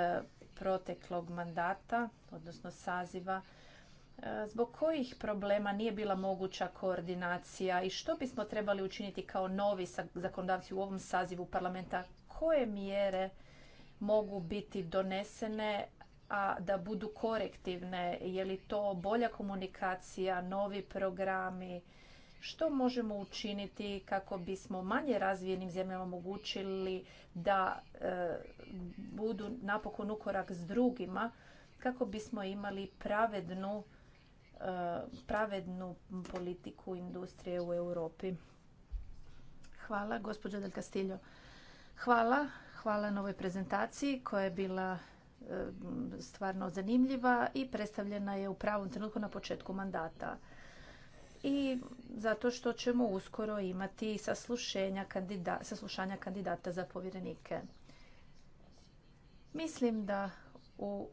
proteklog mandata, odnosno saziva E, zbog kojih problema nije bila moguća koordinacija i što bismo trebali učiniti kao novi zakonodavci u ovom sazivu parlamenta? Koje mjere mogu biti donesene a da budu korektivne? Je li to bolja komunikacija, novi programi? Što možemo učiniti kako bismo manje razvijenim zemljama omogućili da e, budu napokon ukorak s drugima kako bismo imali pravednu E, pravednu politiku industrije u Europi. Hvala, gospođo Del Castillo. Hvala, hvala na ovoj prezentaciji koja je bila e, stvarno zanimljiva i predstavljena je u pravom trenutku na početku mandata. I zato što ćemo uskoro imati saslušanja kandidata za povjerenike. Mislim da u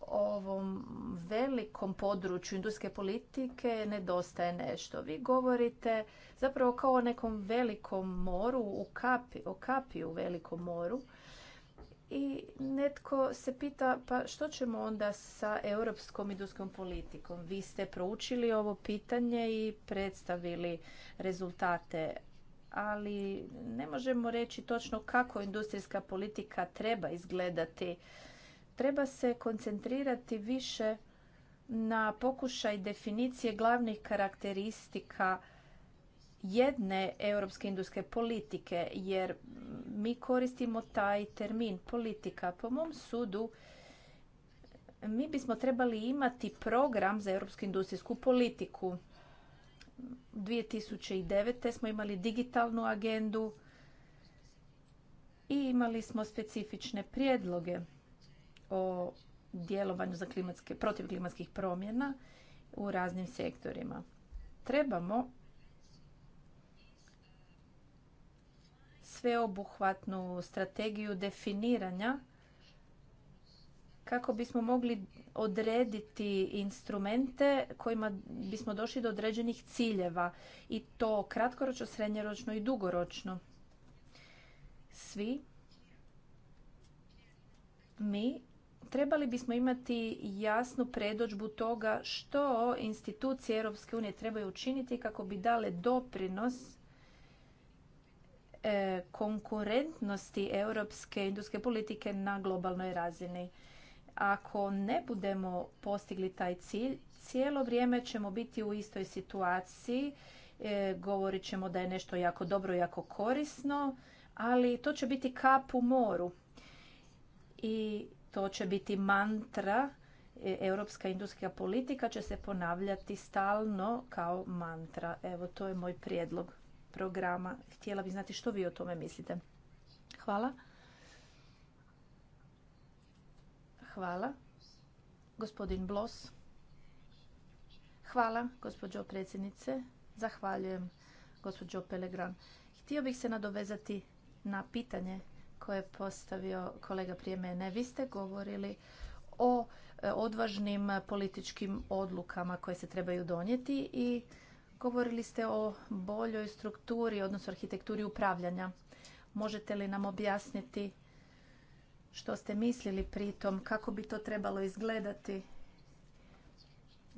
ovom velikom području industrijske politike nedostaje nešto. Vi govorite zapravo kao o nekom velikom moru, u o kapi u velikom moru. I netko se pita pa što ćemo onda sa europskom industrijskom politikom? Vi ste proučili ovo pitanje i predstavili rezultate ali ne možemo reći točno kako industrijska politika treba izgledati Treba se koncentrirati više na pokušaj definicije glavnih karakteristika jedne europske industrijske politike, jer mi koristimo taj termin politika. Po mom sudu, mi bismo trebali imati program za europsku industrijsku politiku. 2009. smo imali digitalnu agendu i imali smo specifične prijedloge o djelovanju za klimatske, protiv klimatskih promjena u raznim sektorima. Trebamo sveobuhvatnu strategiju definiranja kako bismo mogli odrediti instrumente kojima bismo došli do određenih ciljeva i to kratkoročno, srednjoročno i dugoročno. Svi mi trebali bismo imati jasnu predođbu toga što institucije Europske unije trebaju učiniti kako bi dale doprinos e, konkurentnosti europske industrijske politike na globalnoj razini. Ako ne budemo postigli taj cilj, cijelo vrijeme ćemo biti u istoj situaciji. E, govorit ćemo da je nešto jako dobro, jako korisno, ali to će biti kap u moru. I to će biti mantra, e, europska industrijska politika će se ponavljati stalno kao mantra. Evo, to je moj prijedlog programa. Htjela bih znati što vi o tome mislite. Hvala. Hvala. Gospodin Blos. Hvala, gospođo predsjednice. Zahvaljujem, gospođo Pelegran. Htio bih se nadovezati na pitanje koje je postavio kolega prije mene. Vi ste govorili o e, odvažnim političkim odlukama koje se trebaju donijeti i govorili ste o boljoj strukturi, odnosno arhitekturi upravljanja. Možete li nam objasniti što ste mislili pritom, kako bi to trebalo izgledati,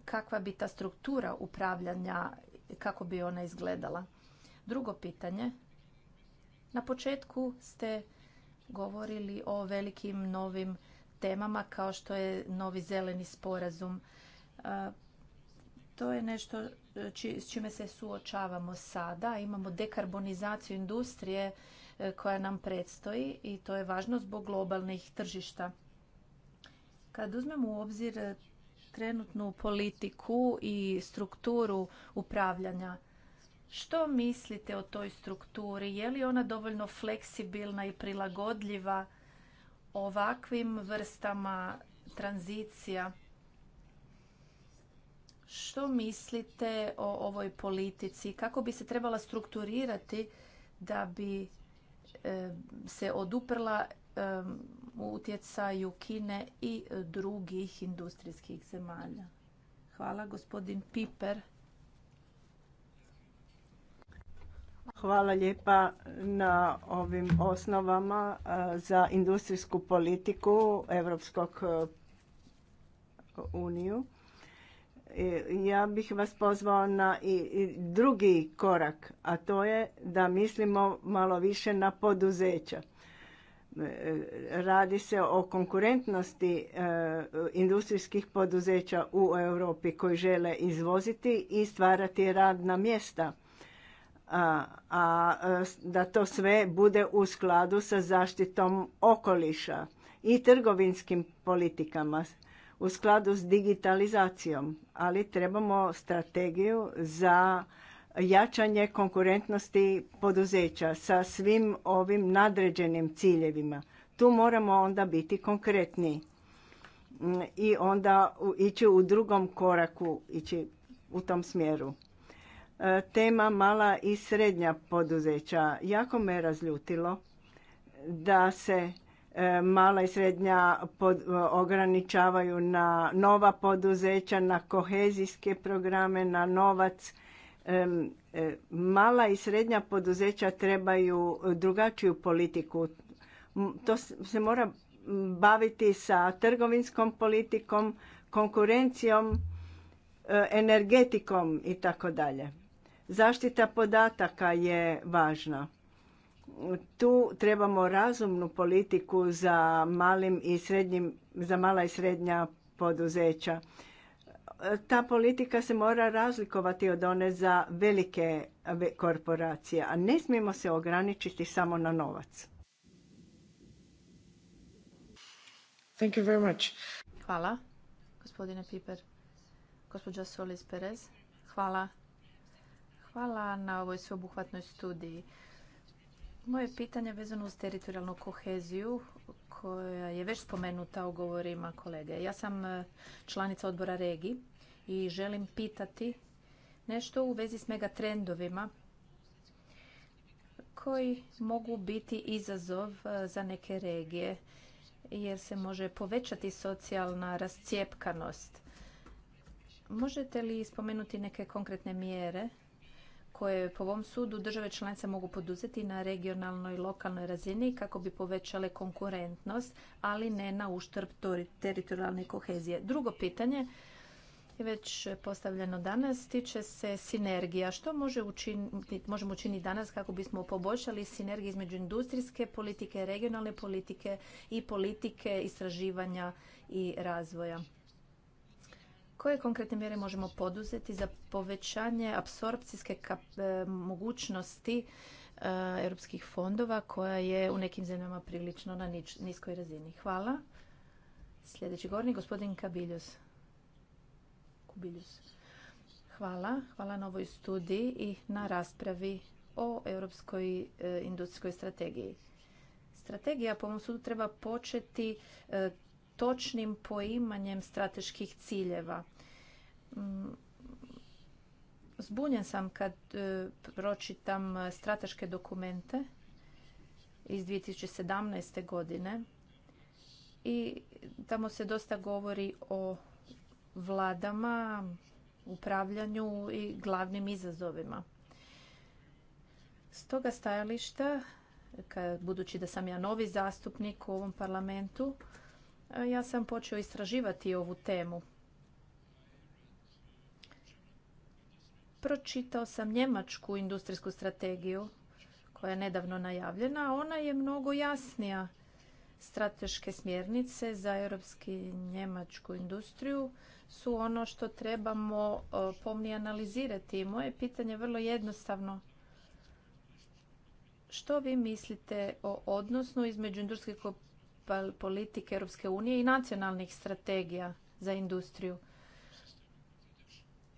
kakva bi ta struktura upravljanja, kako bi ona izgledala? Drugo pitanje. Na početku ste govorili o velikim novim temama kao što je novi zeleni sporazum. E, to je nešto e, s čime se suočavamo sada. Imamo dekarbonizaciju industrije e, koja nam predstoji i to je važno zbog globalnih tržišta. Kad uzmemo u obzir trenutnu politiku i strukturu upravljanja što mislite o toj strukturi? Je li ona dovoljno fleksibilna i prilagodljiva ovakvim vrstama tranzicija? Što mislite o ovoj politici? Kako bi se trebala strukturirati da bi e, se oduprla e, utjecaju Kine i drugih industrijskih zemalja? Hvala, gospodin Piper. Hvala lijepa na ovim osnovama eh, za industrijsku politiku Europskog eh, uniju. Ja bih vas pozvao na i drugi korak, a to je da mislimo malo više na poduzeća. Eh, radi se o konkurentnosti industrijskih poduzeća u Europi koji žele izvoziti i stvarati radna mjesta a, a e, da to sve bude u skladu sa zaštitom okoliša i trgovinskim politikama u skladu s digitalizacijom, ali trebamo strategiju za jačanje konkurentnosti poduzeća sa svim ovim nadređenim ciljevima. Tu moramo onda biti konkretni mm, i onda ići u drugom koraku, ići u tom smjeru. Tema mala i srednja poduzeća. Jako me razljutilo da se e, mala i srednja pod, e, ograničavaju na nova poduzeća, na kohezijske programe, na novac. E, mala i srednja poduzeća trebaju drugačiju politiku. To se mora baviti sa trgovinskom politikom, konkurencijom, energetikom i tako dalje. Zaštita podataka je važna. Tu trebamo razumnu politiku za malim i srednjim, za mala i srednja poduzeća. Ta politika se mora razlikovati od one za velike korporacije, a ne smijemo se ograničiti samo na novac. Thank you very much. Hvala, gospodine Piper. Gospođa Solis Perez. Hvala Hvala na ovoj sveobuhvatnoj studiji. Moje pitanje vezano uz teritorijalnu koheziju koja je već spomenuta u govorima kolege. Ja sam e, članica odbora Regi i želim pitati nešto u vezi s megatrendovima koji mogu biti izazov e, za neke regije jer se može povećati socijalna rascijepkanost. Možete li spomenuti neke konkretne mjere koje po ovom sudu države članice mogu poduzeti na regionalnoj i lokalnoj razini kako bi povećale konkurentnost, ali ne na uštrb teritorijalne kohezije. Drugo pitanje već postavljeno danas tiče se sinergija. Što može učiniti, možemo učiniti danas kako bismo poboljšali sinergiju između industrijske politike, regionalne politike i politike istraživanja i razvoja? Koje konkretne mjere možemo poduzeti za povećanje apsorpcijske e, mogućnosti e, europskih fondova koja je u nekim zemljama prilično na niskoj razini? Hvala. Sljedeći govornik, gospodin Kabiljus. Kubiljus. Hvala. Hvala na ovoj studiji i na raspravi o europskoj e, industrijskoj strategiji. Strategija, po mom sudu, treba početi točnim poimanjem strateških ciljeva. Mm, zbunjen sam kad e, pročitam e, strateške dokumente iz 2017. godine i tamo se dosta govori o vladama, upravljanju i glavnim izazovima. S toga stajališta, budući da sam ja novi zastupnik u ovom parlamentu, ja sam počeo istraživati ovu temu. Pročitao sam njemačku industrijsku strategiju koja je nedavno najavljena. Ona je mnogo jasnija. Strateške smjernice za europski njemačku industriju su ono što trebamo pomnije analizirati. Moje pitanje je vrlo jednostavno. Što vi mislite o odnosu između industrijskih politike Europske unije i nacionalnih strategija za industriju?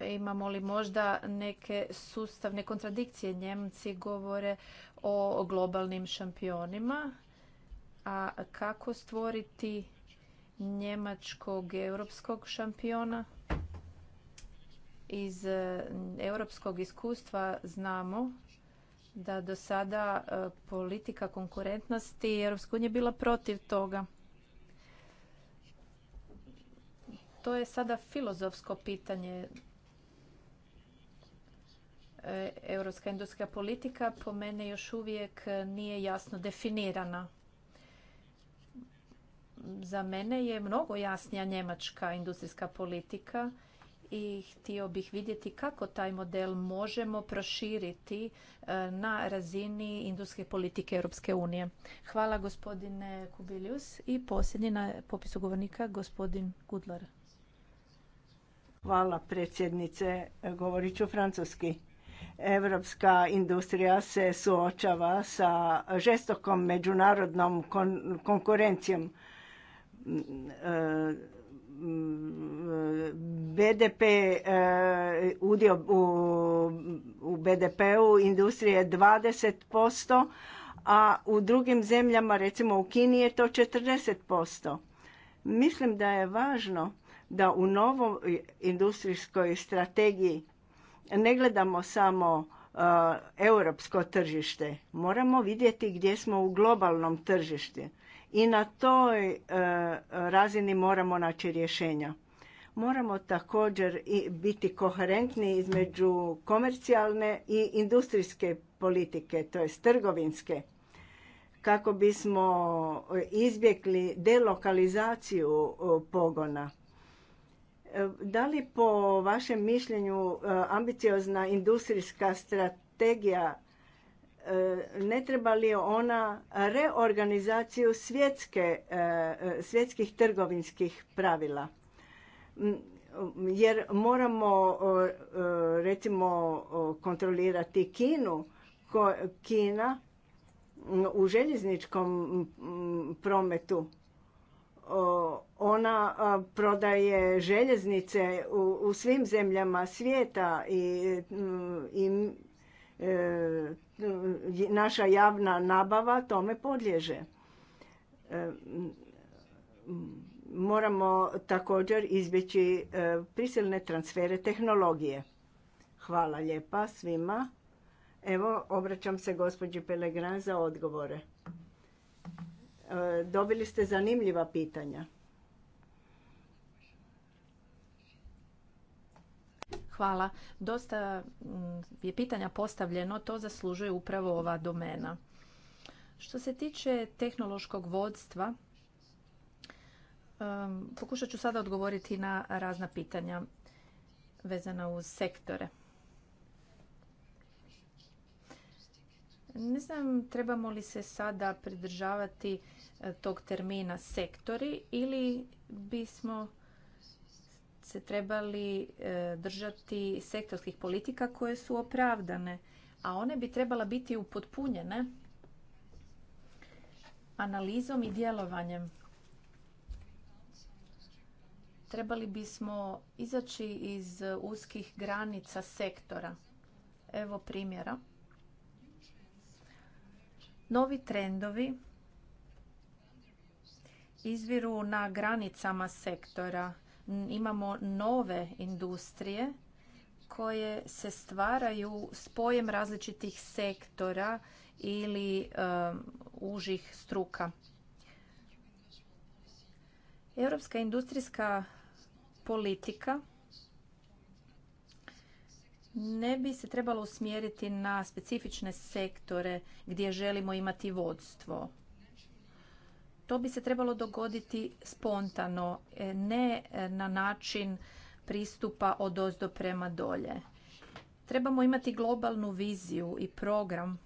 E, imamo li možda neke sustavne kontradikcije? Njemci govore o globalnim šampionima, a kako stvoriti njemačkog europskog šampiona? Iz e, europskog iskustva znamo da do sada e, politika konkurentnosti EU je bila protiv toga. To je sada filozofsko pitanje. E, europska industrijska politika po mene još uvijek nije jasno definirana. Za mene je mnogo jasnija njemačka industrijska politika i htio bih vidjeti kako taj model možemo proširiti e, na razini industrijske politike Europske unije. Hvala gospodine Kubilius i posljednji na popisu govornika gospodin Gudlar. Hvala predsjednice, govorit ću francuski. Europska industrija se suočava sa žestokom međunarodnom konkurencijom mm, e, BDP eh, udio u BDP-u industrije je 20%, a u drugim zemljama, recimo u Kini je to 40%. Mislim da je važno da u novoj industrijskoj strategiji ne gledamo samo eh, europsko tržište. Moramo vidjeti gdje smo u globalnom tržištu i na toj eh, razini moramo naći rješenja. Moramo također i biti koherentni između komercijalne i industrijske politike, to je trgovinske, kako bismo izbjegli delokalizaciju pogona. E, da li po vašem mišljenju e, ambiciozna industrijska strategija e, ne treba li ona reorganizaciju svjetske, svjetskih trgovinskih pravila? jer moramo recimo kontrolirati Kinu. Kina u željezničkom prometu ona prodaje željeznice u, svim zemljama svijeta i, e, i naša javna nabava tome podliježe. E, moramo također izbjeći e, prisilne transfere tehnologije. Hvala lijepa svima. Evo, obraćam se gospođi Pelegran za odgovore. E, dobili ste zanimljiva pitanja. Hvala. Dosta mm, je pitanja postavljeno, to zaslužuje upravo ova domena. Što se tiče tehnološkog vodstva, Pokušat ću sada odgovoriti na razna pitanja vezana uz sektore. Ne znam trebamo li se sada pridržavati eh, tog termina sektori ili bismo se trebali eh, držati sektorskih politika koje su opravdane, a one bi trebala biti upotpunjene analizom i djelovanjem trebali bismo izaći iz uskih granica sektora. Evo primjera. Novi trendovi izviru na granicama sektora. Imamo nove industrije koje se stvaraju spojem različitih sektora ili um, užih struka. Europska industrijska politika ne bi se trebalo usmjeriti na specifične sektore gdje želimo imati vodstvo. To bi se trebalo dogoditi spontano, e, ne e, na način pristupa od ozdo prema dolje. Trebamo imati globalnu viziju i program.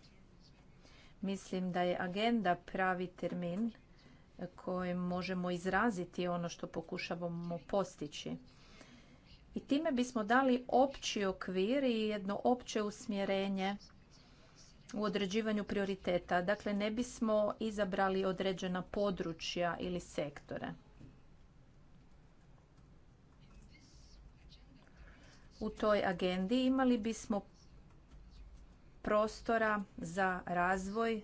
Mislim da je agenda pravi termin kojim možemo izraziti ono što pokušavamo postići. I time bismo dali opći okvir i jedno opće usmjerenje u određivanju prioriteta. Dakle, ne bismo izabrali određena područja ili sektore. U toj agendi imali bismo prostora za razvoj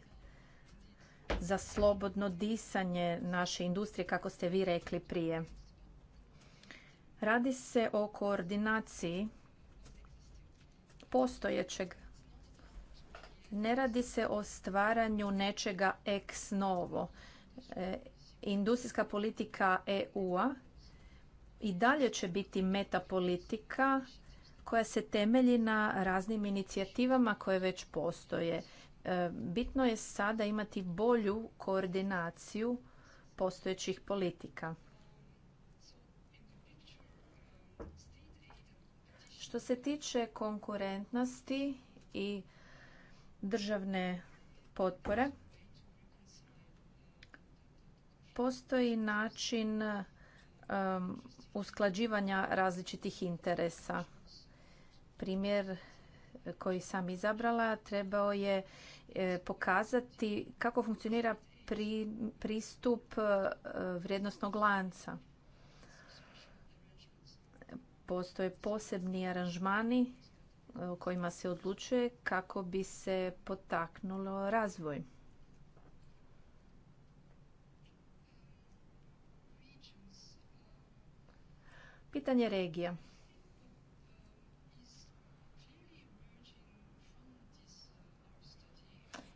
za slobodno disanje naše industrije, kako ste vi rekli prije. Radi se o koordinaciji postojećeg. Ne radi se o stvaranju nečega ex novo. E, industrijska politika EU-a i dalje će biti metapolitika koja se temelji na raznim inicijativama koje već postoje E, bitno je sada imati bolju koordinaciju postojećih politika. Što se tiče konkurentnosti i državne potpore, postoji način usklađivanja različitih interesa. Primjer koji sam izabrala trebao je E, pokazati kako funkcionira pri, pristup e, vrijednostnog lanca. Postoje posebni aranžmani u e, kojima se odlučuje kako bi se potaknulo razvoj. Pitanje regija.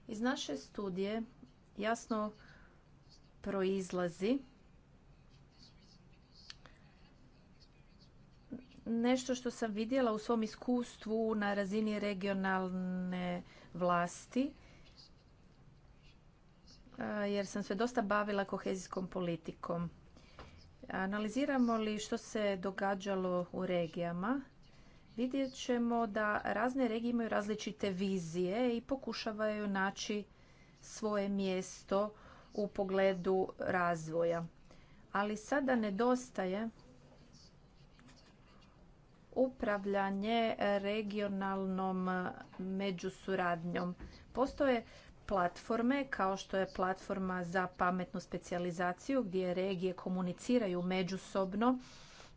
Iz naše studije jasno proizlazi nešto što sam vidjela u svom iskustvu na razini regionalne vlasti jer sam se dosta bavila kohezijskom politikom. Analiziramo li što se događalo u regijama vidjet ćemo da razne regije imaju različite vizije i pokušavaju naći svoje mjesto u pogledu razvoja. Ali sada nedostaje upravljanje regionalnom međusuradnjom. Postoje platforme kao što je platforma za pametnu specijalizaciju gdje regije komuniciraju međusobno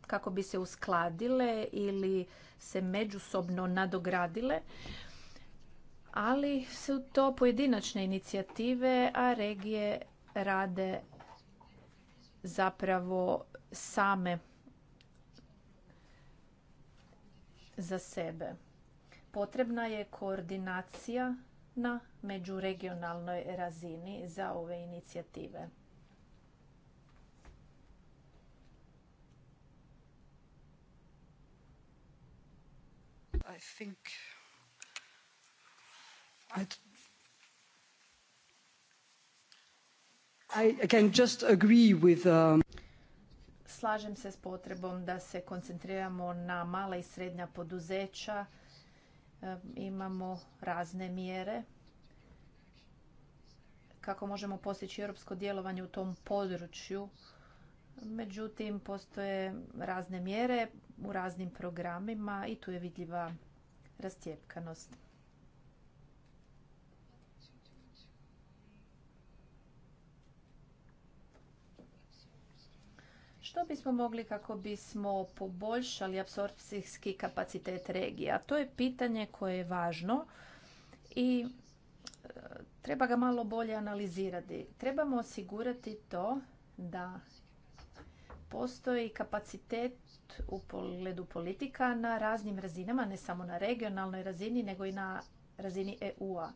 kako bi se uskladile ili se međusobno nadogradile, ali su to pojedinačne inicijative, a regije rade zapravo same za sebe. Potrebna je koordinacija na međuregionalnoj razini za ove inicijative. I think I just agree with, um, Slažem se s potrebom da se koncentriramo na mala i srednja poduzeća. imamo razne mjere kako možemo postići europsko djelovanje u tom području Međutim, postoje razne mjere u raznim programima i tu je vidljiva rastjepkanost. Što bismo mogli kako bismo poboljšali apsorpcijski kapacitet regija? To je pitanje koje je važno i e, treba ga malo bolje analizirati. Trebamo osigurati to da postoji kapacitet u pogledu politika na raznim razinama, ne samo na regionalnoj razini, nego i na razini EU-a.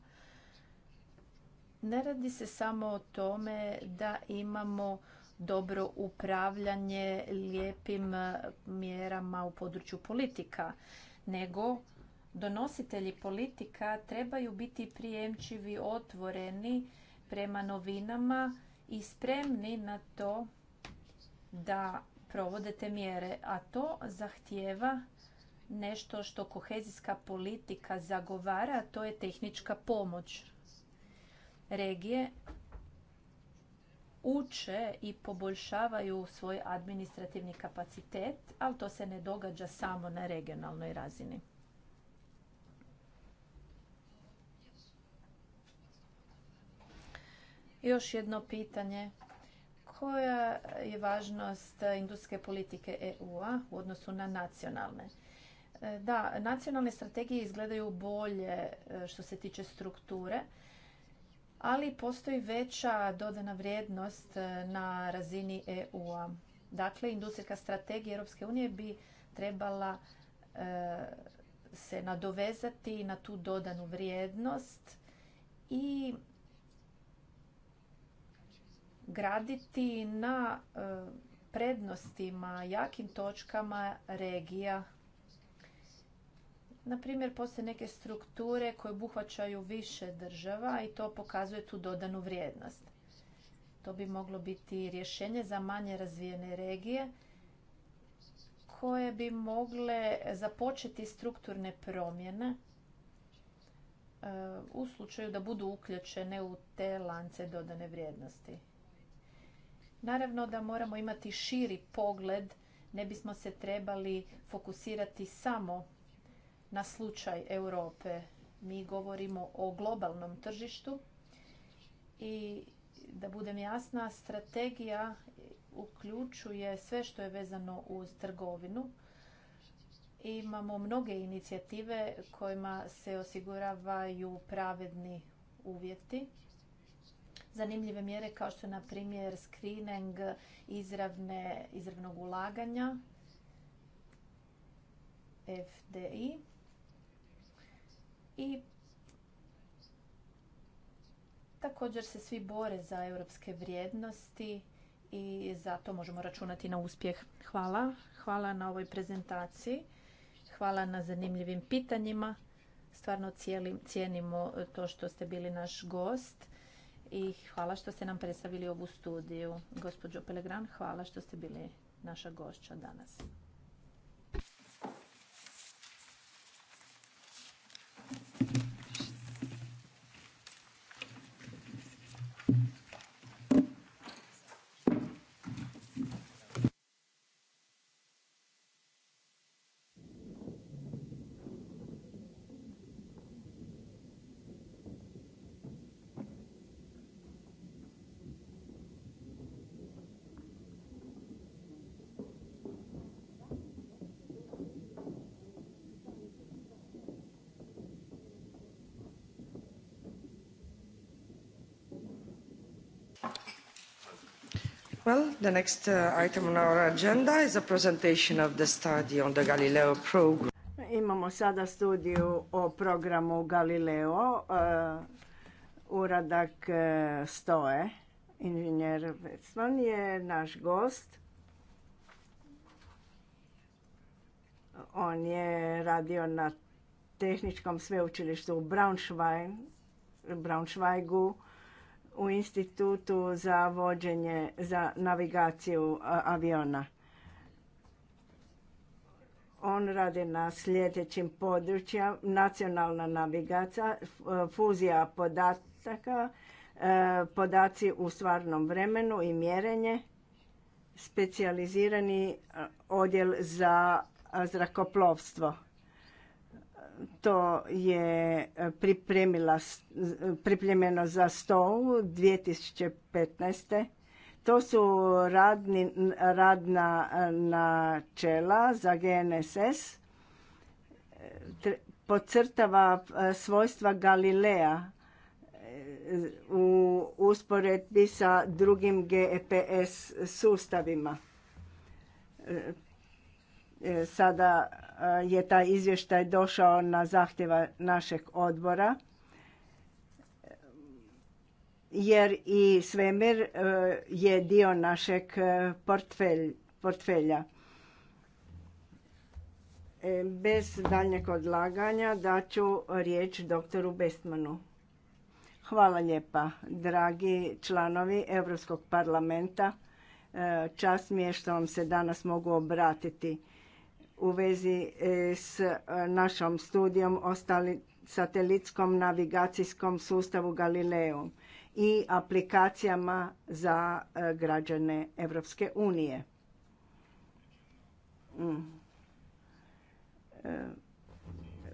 Ne radi se samo o tome da imamo dobro upravljanje lijepim mjerama u području politika, nego donositelji politika trebaju biti prijemčivi, otvoreni prema novinama i spremni na to da provode mjere, a to zahtijeva nešto što kohezijska politika zagovara, a to je tehnička pomoć. Regije uče i poboljšavaju svoj administrativni kapacitet, ali to se ne događa samo na regionalnoj razini. Još jedno pitanje koja je važnost industrijske politike EU-a u odnosu na nacionalne? E, da, nacionalne strategije izgledaju bolje e, što se tiče strukture, ali postoji veća dodana vrijednost e, na razini EU-a. Dakle, industrijska strategija Europske unije bi trebala se nadovezati na tu dodanu vrijednost i graditi na e, prednostima, jakim točkama regija. Na primjer, postoje neke strukture koje obuhvaćaju više država i to pokazuje tu dodanu vrijednost. To bi moglo biti rješenje za manje razvijene regije koje bi mogle započeti strukturne promjene e, u slučaju da budu uključene u te lance dodane vrijednosti. Naravno da moramo imati širi pogled, ne bismo se trebali fokusirati samo na slučaj Europe. Mi govorimo o globalnom tržištu i da budem jasna, strategija uključuje sve što je vezano uz trgovinu. Imamo mnoge inicijative kojima se osiguravaju pravedni uvjeti zanimljive mjere kao što je na primjer screening izravne, izravnog ulaganja FDI i također se svi bore za europske vrijednosti i zato možemo računati na uspjeh. Hvala. Hvala na ovoj prezentaciji. Hvala na zanimljivim pitanjima. Stvarno cijenimo to što ste bili naš gost i hvala što ste nam predstavili ovu studiju. Gospođo Pelegran, hvala što ste bili naša gošća danas. Well, the next uh, item on our agenda is a presentation of the study on the Galileo program. Imamo sada studiju o programu Galileo, uh, uradak uh, Stoje. Inženjer Vecman je naš gost. On je radio na tehničkom sveučilištu u Braunschweigu u institutu za vođenje, za navigaciju aviona. On radi na sljedećim područjima, nacionalna navigacija, fuzija podataka, e, podaci u stvarnom vremenu i mjerenje, specijalizirani e, odjel za zrakoplovstvo to je pripremila, pripremljeno za stol 2015. To su radni, radna načela za GNSS. Podcrtava e, svojstva Galilea e, u usporedbi sa drugim GPS sustavima. E, sada je taj izvještaj došao na zahtjeva našeg odbora jer i svemir e, je dio našeg e, portfelja. E, bez daljnjeg odlaganja daću riječ doktoru Bestmanu. Hvala lijepa, dragi članovi Europskog parlamenta. Čast mi je što vam se danas mogu obratiti u vezi e, s e, našom studijom o satelitskom navigacijskom sustavu Galileo i aplikacijama za e, građane Europske unije. Mm.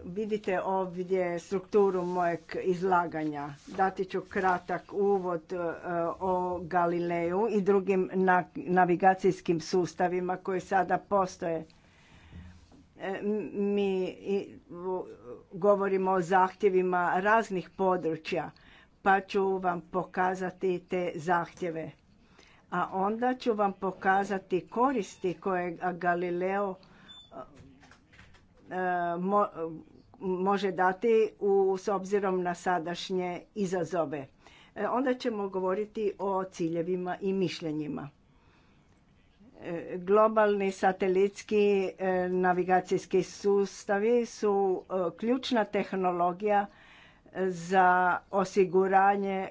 Vidite ovdje strukturu mojeg izlaganja. Dati ću kratak uvod o Galileju i drugim navigacijskim sustavima koji sada postoje E, mi govorimo o zahtjevima raznih područja, pa ću vam pokazati te zahtjeve. A onda ću vam pokazati koristi koje Galileo e, može dati u, s obzirom na sadašnje izazove. E, onda ćemo govoriti o ciljevima i mišljenjima globalni satelitski e, navigacijski sustavi su e, ključna tehnologija e, za osiguranje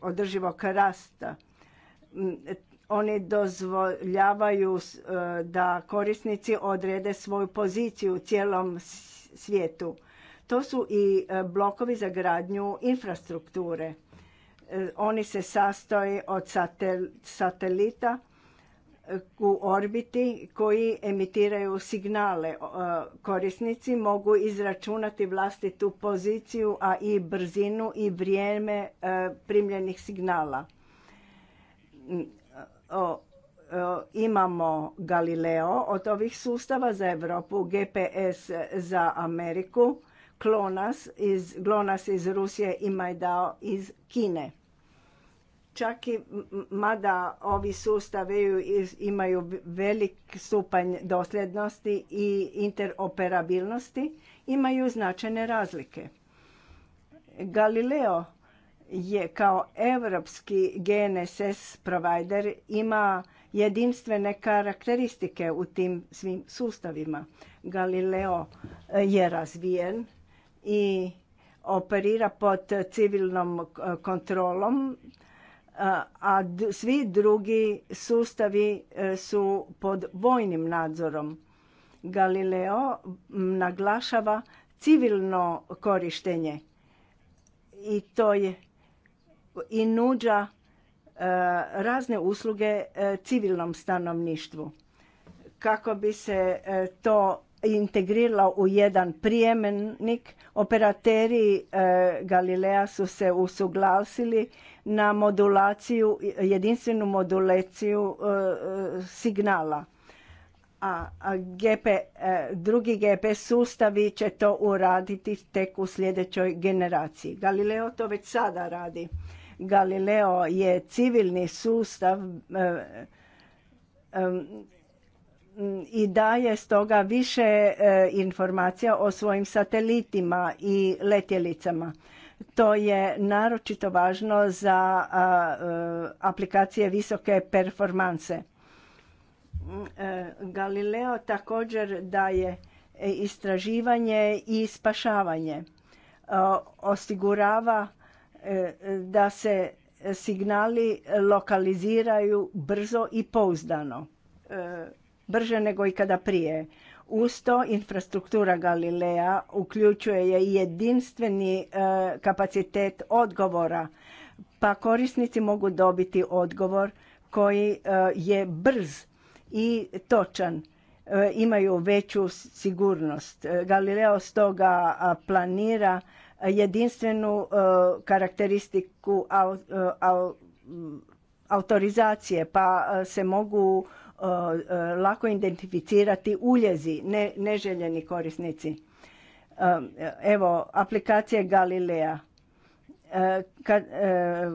održivog rasta. Oni dozvoljavaju da korisnici odrede svoju poziciju u cijelom svijetu. To su i blokovi za gradnju infrastrukture. Oni se sastoje od satelita u orbiti koji emitiraju signale. Korisnici mogu izračunati vlastitu poziciju, a i brzinu i vrijeme e, primljenih signala. Mm, imamo Galileo od ovih sustava za Europu, GPS za Ameriku, GLONASS iz, GLONASS iz Rusije i Majdao iz Kine Čak i mada ovi sustavi imaju velik stupanj dosljednosti i interoperabilnosti, imaju značajne razlike. Galileo je kao europski GNSS provider ima jedinstvene karakteristike u tim svim sustavima. Galileo e, je razvijen i operira pod civilnom e, kontrolom a svi drugi sustavi e, su pod vojnim nadzorom. Galileo naglašava civilno korištenje i to je i nuđa e, razne usluge e, civilnom stanovništvu kako bi se to integriralo u jedan prijemnik, operateri Galilea su se usuglasili na modulaciju, jedinstvenu modulaciju e, e, signala. A GP, e, drugi GP sustavi će to uraditi tek u sljedećoj generaciji. Galileo to već sada radi. Galileo je civilni sustav i daje stoga više informacija o svojim satelitima i letjelicama. To je naročito važno za aplikacije visoke performanse. Mm, e, Galileo također daje istraživanje i spašavanje. E, osigurava e, da se signali lokaliziraju brzo i pouzdano. Brže nego ikada prije. Uz to infrastruktura Galilea uključuje je jedinstveni e, kapacitet odgovora, pa korisnici mogu dobiti odgovor koji e, je brz i točan e, imaju veću sigurnost. Galileo stoga planira jedinstvenu karakteristiku autorizacije pa se mogu E, lako identificirati uljezi, ne, neželjeni korisnici. E, evo, aplikacije Galilea. E, kad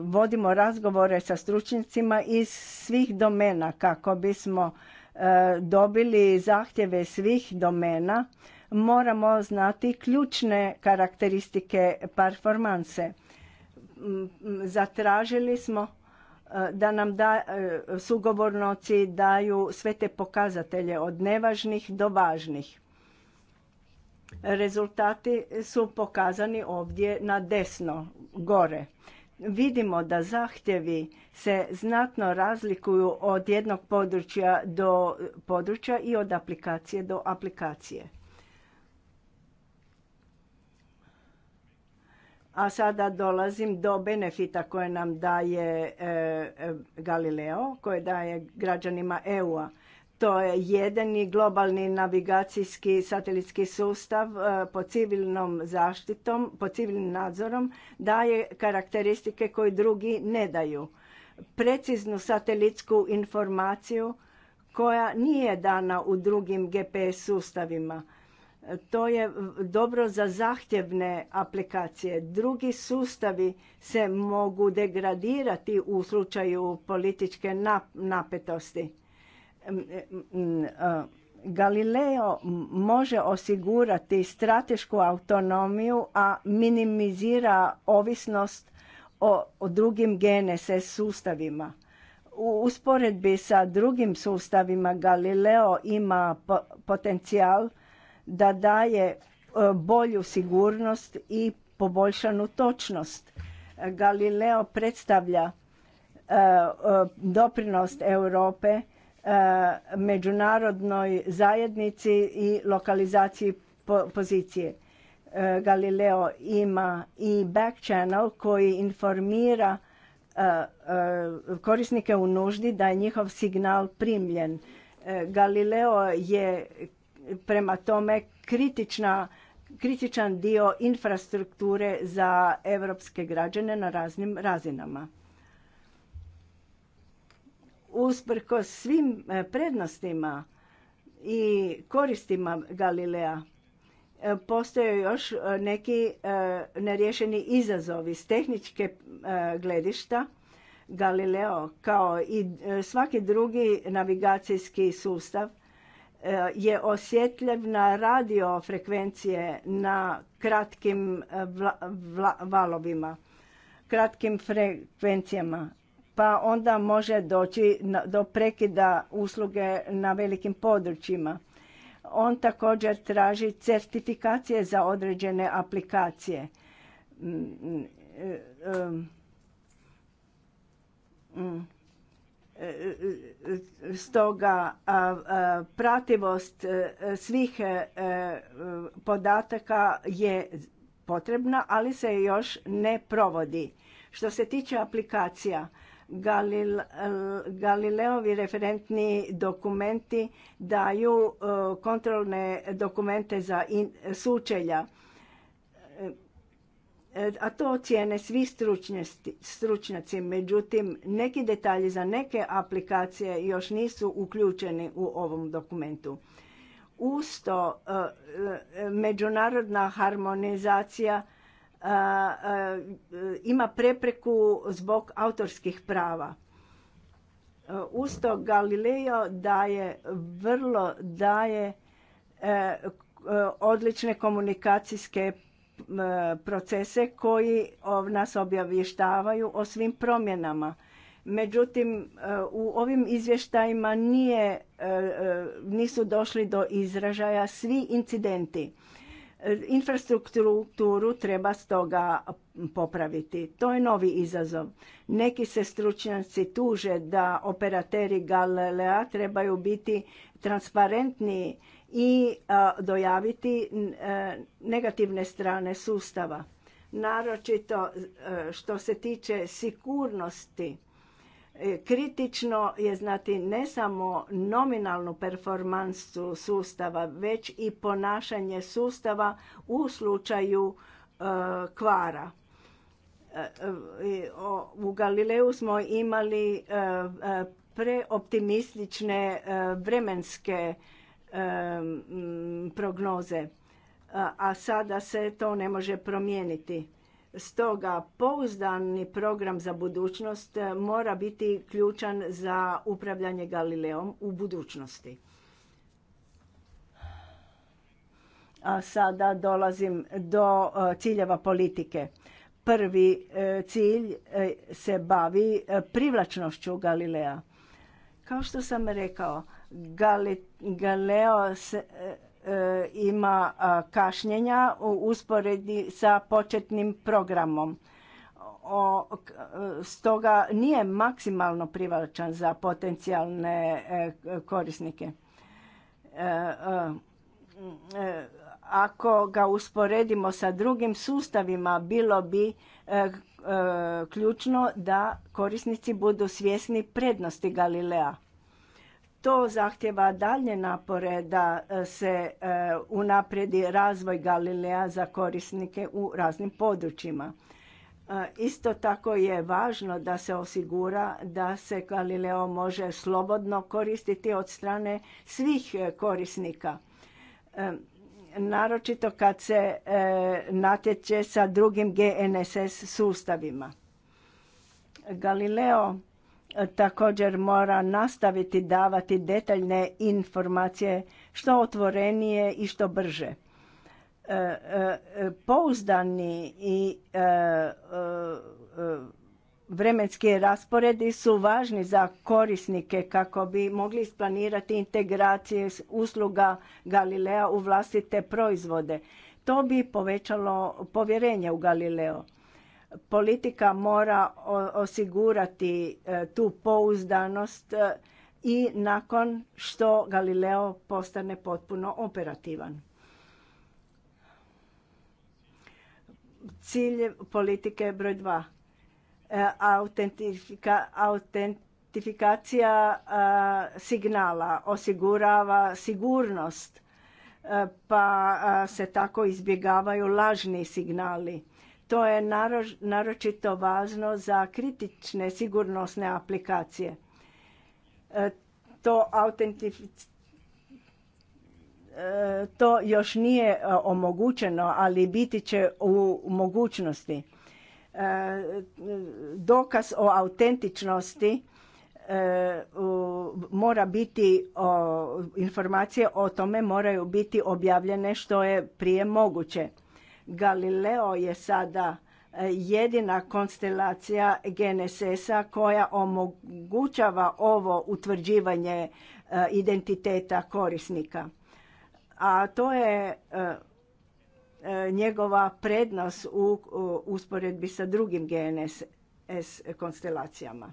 vodimo razgovore sa stručnicima iz svih domena kako bismo dobili zahtjeve svih domena, moramo znati ključne karakteristike performanse. Zatražili smo E, da nam da, e, sugovornoci daju sve te pokazatelje od nevažnih do važnih. Rezultati su pokazani ovdje na desno, gore. Vidimo da zahtjevi se znatno razlikuju od jednog područja do područja i od aplikacije do aplikacije. A sada dolazim do benefita koje nam daje e, e, Galileo, koje daje građanima EU-a. To je jedini globalni navigacijski satelitski sustav e, pod civilnom zaštitom, pod civilnim nadzorom daje karakteristike koje drugi ne daju. Preciznu satelitsku informaciju koja nije dana u drugim GPS sustavima to je dobro za zahtjevne aplikacije. Drugi sustavi se mogu degradirati u slučaju političke napetosti. Galileo može osigurati stratešku autonomiju, a minimizira ovisnost o, drugim GNSS sustavima. U usporedbi sa drugim sustavima Galileo ima potencijal da daje e, bolju sigurnost i poboljšanu točnost. Galileo predstavlja e, e, doprinos Europe međunarodnoj zajednici i lokalizaciji pozicije. Galileo ima i back channel koji informira korisnike u nuždi da je njihov signal primljen. Galileo je Prema tome, kritična, kritičan dio infrastrukture za europske građane na raznim razinama. Usprko svim e, prednostima i koristima Galilea, e, postoje još e, neki nerješeni izazovi s tehničke gledišta. Galileo, kao i svaki drugi navigacijski sustav, Eh, je osjetljiv na radio frekvencije na kratkim eh, valovima, kratkim frekvencijama. Pa onda može doći do prekida usluge na velikim područjima. On također traži certifikacije za određene aplikacije. Mm, mm, eh, mm, Stoga prativost e, svih e, e, podataka je potrebna, ali se još ne provodi. Što se tiče aplikacija, Galileovi referentni dokumenti daju kontrolne dokumente za sučelja a to ocijene svi stručnjaci. Međutim, neki detalji za neke aplikacije još nisu uključeni u ovom dokumentu. Usto, e, e, međunarodna harmonizacija e, ima prepreku zbog autorskih prava. Usto, to, Galileo daje vrlo daje odlične komunikacijske procese koji nas obavještavaju o svim promjenama. Međutim, e, u ovim izvještajima nije, e, e, nisu došli do izražaja svi incidenti. Infrastrukturu treba stoga popraviti. To je novi izazov. Neki se stručnjaci tuže da operateri Galilea trebaju biti transparentniji i dojaviti e, negativne strane sustava. Naročito e, što se tiče sigurnosti, e, kritično je znati ne samo nominalnu performansu sustava, već i ponašanje sustava u slučaju kvara. U Galileu smo imali preoptimistične vremenske prognoze, a sada se to ne može promijeniti. Stoga pouzdani program za budućnost eh, mora biti ključan za upravljanje Galileom u budućnosti. A sada dolazim do eh, ciljeva politike. Prvi eh, cilj se bavi privlačnošću Galilea. Kao što sam rekao, Galileo e, e, ima kašnjenja u usporedi sa početnim programom. E, stoga nije maksimalno privlačan za potencijalne korisnike. ako ga usporedimo sa drugim sustavima, bilo bi ključno da korisnici budu svjesni prednosti Galilea to zahtjeva dalje napore da e, se e, unaprijedi razvoj Galilea za korisnike u raznim područjima. E, isto tako je važno da se osigura da se Galileo može slobodno koristiti od strane svih korisnika. Naročito kad se natječe sa drugim GNSS sustavima. Galileo također mora nastaviti davati detaljne informacije što otvorenije i što brže. E, e, pouzdani i e, vremenski rasporedi su važni za korisnike kako bi mogli isplanirati integracije usluga Galilea u vlastite proizvode. To bi povećalo povjerenje u Galileo. Politika mora osigurati e, tu pouzdanost e, i nakon što Galileo postane potpuno operativan. Cilj politike broj dva. E, autentifika, autentifikacija signala osigurava sigurnost pa se tako izbjegavaju lažni signali to je naročito važno za kritične sigurnosne aplikacije. E, to e, to još nije e, omogućeno, ali biti će u mogućnosti. Dokaz o autentičnosti mora biti, informacije o tome moraju biti objavljene što je prije moguće. Galileo je sada e, jedina konstelacija GNSS-a koja omogućava ovo utvrđivanje e, identiteta korisnika. A to je e, njegova prednost u usporedbi sa drugim GNSS konstelacijama.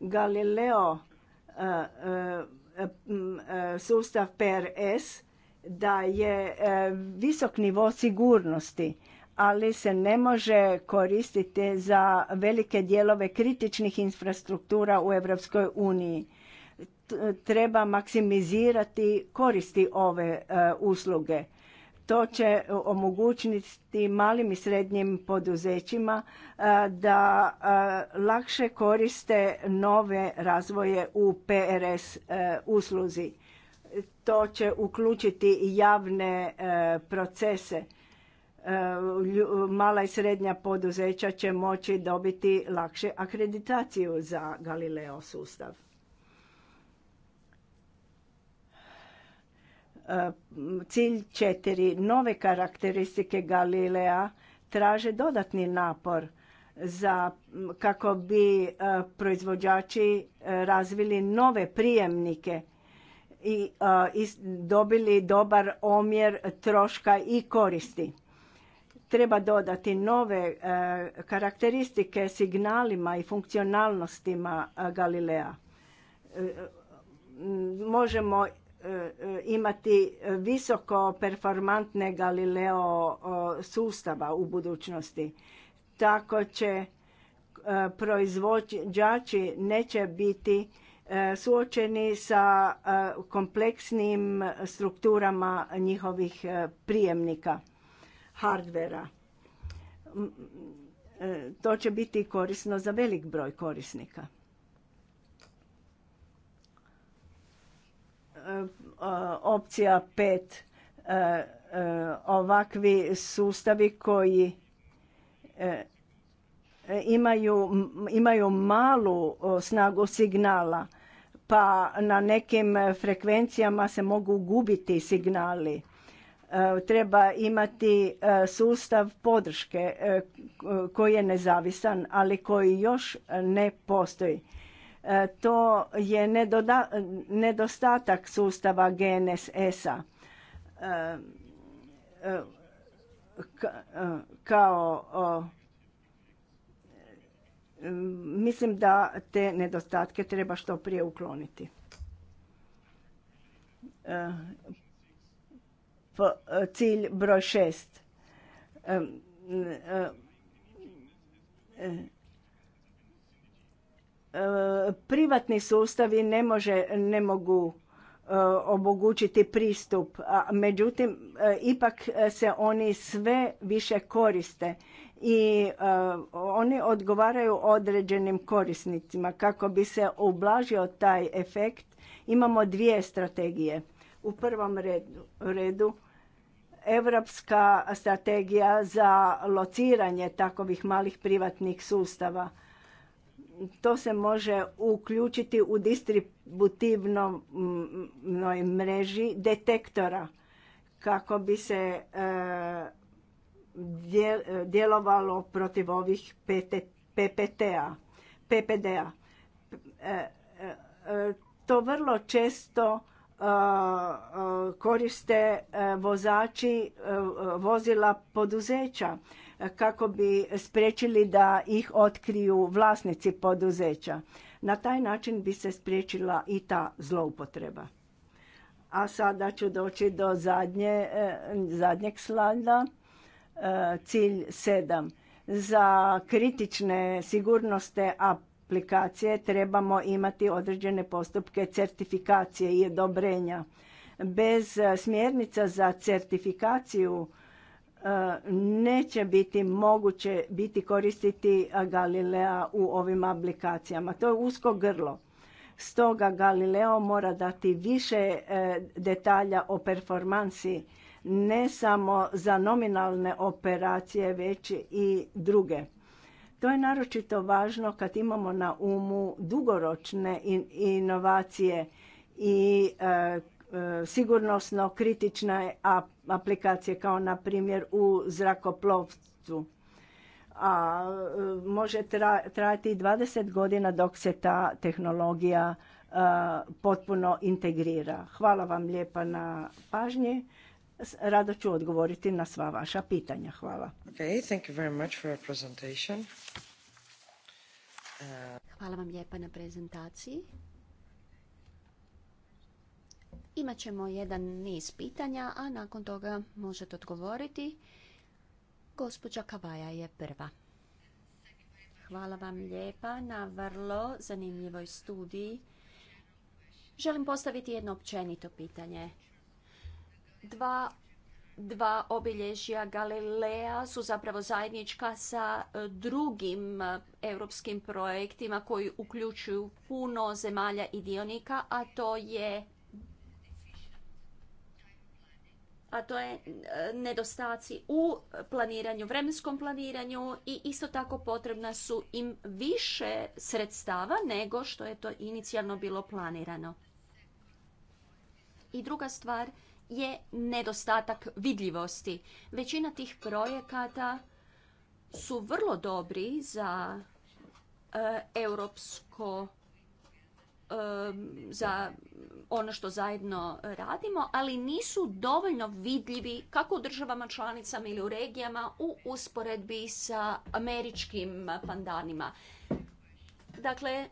Galileo sustav PRS da je e, visok nivo sigurnosti, ali se ne može koristiti za velike dijelove kritičnih infrastruktura u Europskoj uniji. Treba maksimizirati koristi ove e, usluge. To će omogućiti malim i srednjim poduzećima e, da lakše koriste nove razvoje u PRS usluzi to će uključiti i javne e, procese. E, mala i srednja poduzeća će moći dobiti lakše akreditaciju za Galileo sustav. E, cilj četiri, nove karakteristike Galilea traže dodatni napor za kako bi proizvođači razvili nove prijemnike i dobili dobar omjer troška i koristi. Treba dodati nove e, karakteristike signalima i funkcionalnostima Galilea. E, možemo e, imati visoko performantne Galileo sustava u budućnosti. Tako će proizvođači neće biti E, suočeni sa e, kompleksnim strukturama njihovih e, prijemnika, hardvera. To će biti korisno za velik broj korisnika. Opcija 5. Ovakvi sustavi koji imaju, imaju malu snagu signala pa na nekim frekvencijama se mogu gubiti signali. E, treba imati e, sustav podrške e, koji je nezavisan, ali koji još ne postoji. To je nedostatak sustava GNSS-a kao Mislim da te nedostatke treba što prije ukloniti. E, cilj broj šest. E, e, privatni sustavi ne, može, ne mogu omogućiti pristup, a međutim ipak se oni sve više koriste i e, oni odgovaraju određenim korisnicima. Kako bi se ublažio taj efekt imamo dvije strategije. U prvom redu, redu Evropska strategija za lociranje takovih malih privatnih sustava. To se može uključiti u distributivnoj mreži detektora kako bi se e, djelovalo protiv ovih PPT-a, PPD-a. E, e, to vrlo često e, koriste vozači vozila poduzeća kako bi spriječili da ih otkriju vlasnici poduzeća. Na taj način bi se spriječila i ta zloupotreba. A sada ću doći do zadnje, zadnjeg slajda cilj sedam. Za kritične sigurnosne aplikacije trebamo imati određene postupke certifikacije i odobrenja. Bez smjernica za certifikaciju e, neće biti moguće biti koristiti Galilea u ovim aplikacijama. To je usko grlo. Stoga Galileo mora dati više e, detalja o performansi ne samo za nominalne operacije već i druge. To je naročito važno kad imamo na umu dugoročne inovacije i e, e, sigurnosno kritične aplikacije kao na primjer u zrakoplovstvu. A e, može trajati 20 godina dok se ta tehnologija potpuno integrira. Hvala vam lijepa na pažnji. Rado ću odgovoriti na sva vaša pitanja. Hvala. Okay, thank you very much for uh, Hvala vam lijepa na prezentaciji. Imaćemo jedan niz pitanja, a nakon toga možete odgovoriti. Gospođa Kavaja je prva. Hvala vam lijepa na vrlo zanimljivoj studiji. Želim postaviti jedno općenito pitanje. Dva dva obilježja Galilea su zapravo zajednička sa e, drugim e, europskim projektima koji uključuju puno zemalja i dionika, a to je a to je e, nedostaci u planiranju, vremenskom planiranju i isto tako potrebna su im više sredstava nego što je to inicijalno bilo planirano. I druga stvar je nedostatak vidljivosti. Većina tih projekata su vrlo dobri za e, europsko e, za ono što zajedno radimo, ali nisu dovoljno vidljivi kako u državama članicama ili u regijama u usporedbi sa američkim pandanima. Dakle,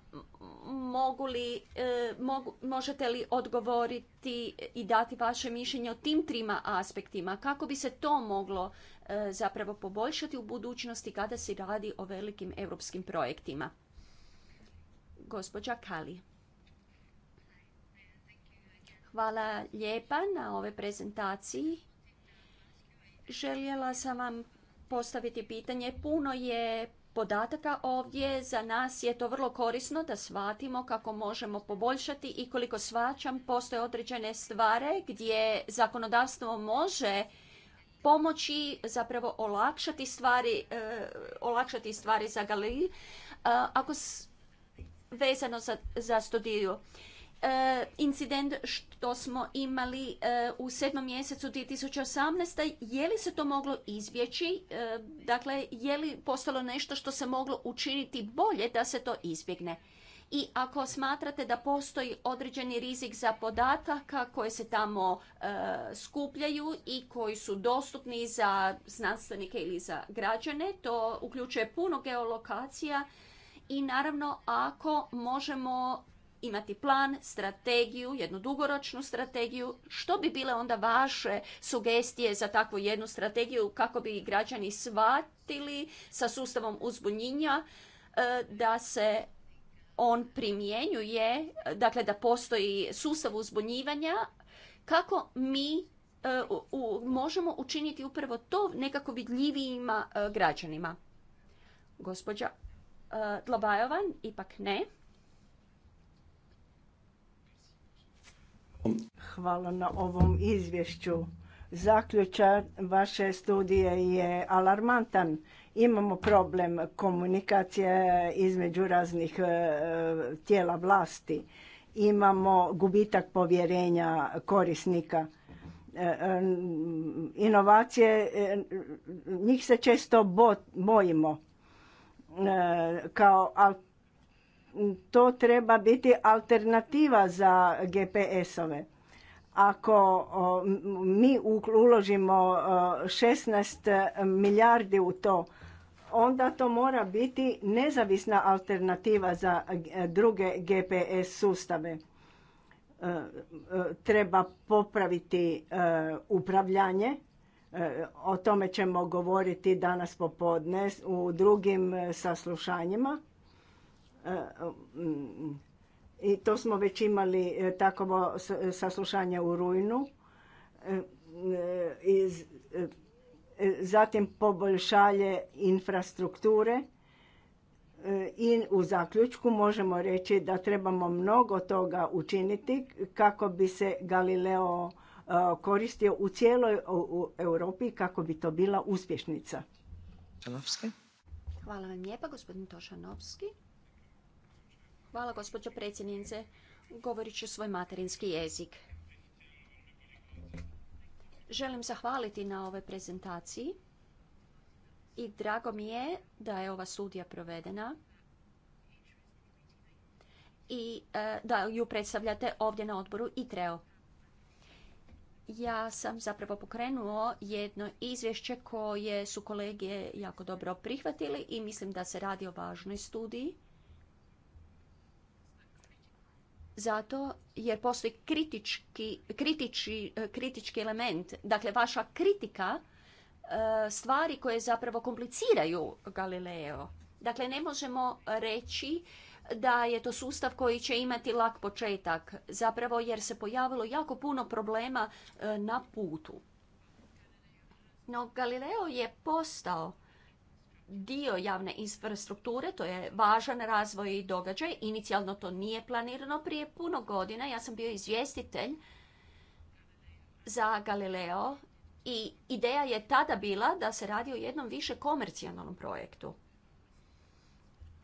mogu li, e, možete li odgovoriti i dati vaše mišljenje o tim trima aspektima? Kako bi se to moglo e, zapravo poboljšati u budućnosti kada se radi o velikim europskim projektima? Gospođa Kali. Hvala lijepa na ove prezentaciji. Željela sam vam postaviti pitanje. Puno je podataka ovdje. Za nas je to vrlo korisno da shvatimo kako možemo poboljšati i koliko svačam postoje određene stvare gdje zakonodavstvo može pomoći zapravo olakšati stvari, e, olakšati stvari za galeriju. ako vezano za, za studiju. E, incident što smo imali e, u sedmom mjesecu 2018. Je li se to moglo izbjeći? E, dakle, je li postalo nešto što se moglo učiniti bolje da se to izbjegne? I ako smatrate da postoji određeni rizik za podataka koje se tamo skupljaju i koji su dostupni za znanstvenike ili za građane, to uključuje puno geolokacija i naravno ako možemo imati plan, strategiju, jednu dugoročnu strategiju. Što bi bile onda vaše sugestije za takvu jednu strategiju kako bi građani shvatili sa sustavom uzbunjenja e, da se on primjenjuje, dakle da postoji sustav uzbunjivanja, kako mi e, možemo učiniti upravo to nekako vidljivijima e, građanima. Gospođa Dlobajovan, ipak ne. Hvala na ovom izvješću. Zaključak vaše studije je alarmantan. Imamo problem komunikacije između raznih e, tijela vlasti. Imamo gubitak povjerenja korisnika. E, e, inovacije, njih se često bojimo kao to treba biti alternativa za GPS-ove. Ako mi uložimo 16 milijardi u to, onda to mora biti nezavisna alternativa za druge GPS sustave. E, e, treba popraviti e, upravljanje, o tome ćemo govoriti danas popodne u drugim saslušanjima E, mm, i to smo već imali e, takovo saslušanje u rujnu. E, zatim poboljšanje infrastrukture i u zaključku možemo reći da trebamo mnogo toga učiniti kako bi se Galileo koristio u cijeloj Europi kako bi to bila uspješnica. Hvala vam lijepa, gospodin Tošanovski. Hvala, gospođo predsjednice. Govorit ću svoj materinski jezik. Želim zahvaliti na ovoj prezentaciji i drago mi je da je ova studija provedena i e, da ju predstavljate ovdje na odboru ITREO. Ja sam zapravo pokrenuo jedno izvješće koje su kolege jako dobro prihvatili i mislim da se radi o važnoj studiji zato jer postoji kritički, e, kritički element. Dakle, vaša kritika e, stvari koje zapravo kompliciraju Galileo. Dakle, ne možemo reći da je to sustav koji će imati lak početak, zapravo jer se pojavilo jako puno problema e, na putu. No, Galileo je postao dio javne infrastrukture, to je važan razvoj i događaj. Inicijalno to nije planirano prije puno godina. Ja sam bio izvjestitelj za Galileo i ideja je tada bila da se radi o jednom više komercijalnom projektu.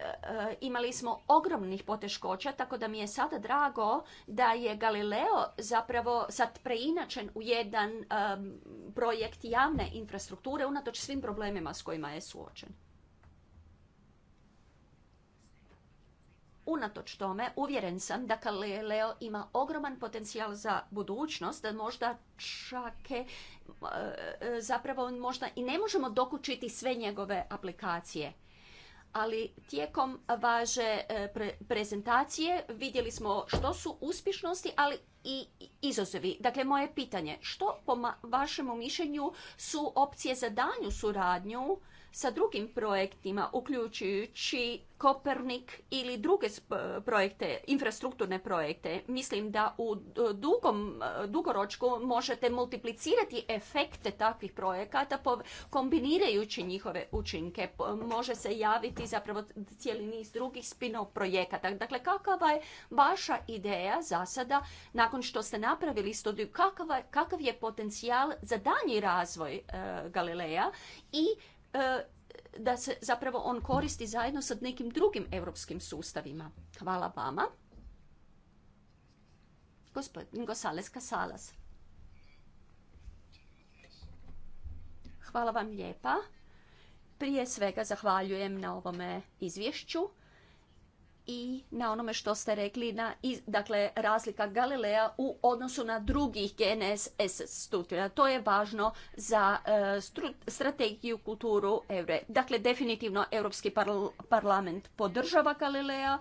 E, imali smo ogromnih poteškoća, tako da mi je sada drago da je Galileo zapravo sad preinačen u jedan e, projekt javne infrastrukture unatoč svim problemima s kojima je suočen. Unatoč tome, uvjeren sam da Galileo ima ogroman potencijal za budućnost, da možda čake, e, zapravo možda i ne možemo dokučiti sve njegove aplikacije ali tijekom vaše e, prezentacije vidjeli smo što su uspješnosti, ali i izazovi. Dakle, moje pitanje, što po vašemu mišljenju su opcije za danju suradnju sa drugim projektima, uključujući Kopernik ili druge projekte, infrastrukturne projekte. Mislim da u dugom, dugoročku možete multiplicirati efekte takvih projekata kombinirajući njihove učinke. Može se javiti zapravo cijeli niz drugih spin-off projekata. Dakle, kakava je vaša ideja za sada, nakon što ste napravili studiju, kakav je potencijal za danji razvoj e, Galileja i E, da se zapravo on koristi zajedno sa nekim drugim europskim sustavima. Hvala vama. Gospodin Gosales Kasalas. Hvala vam lijepa. Prije svega zahvaljujem na ovome izvješću i na onome što ste rekli, na, dakle, razlika Galilea u odnosu na drugih GNSS studija. To je važno za e, strategiju, kulturu, evre. Dakle, definitivno Europski parlament podržava Galilea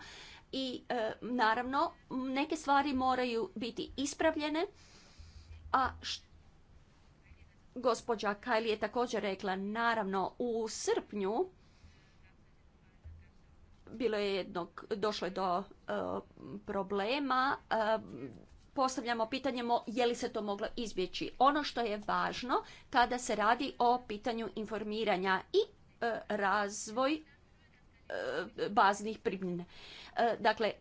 i e, naravno neke stvari moraju biti ispravljene, a Gospođa Kajli je također rekla, naravno, u srpnju bilo je jednog, došlo je do e, problema. E, postavljamo pitanje je li se to moglo izbjeći. Ono što je važno kada se radi o pitanju informiranja i e, razvoj baznih primjene. Dakle,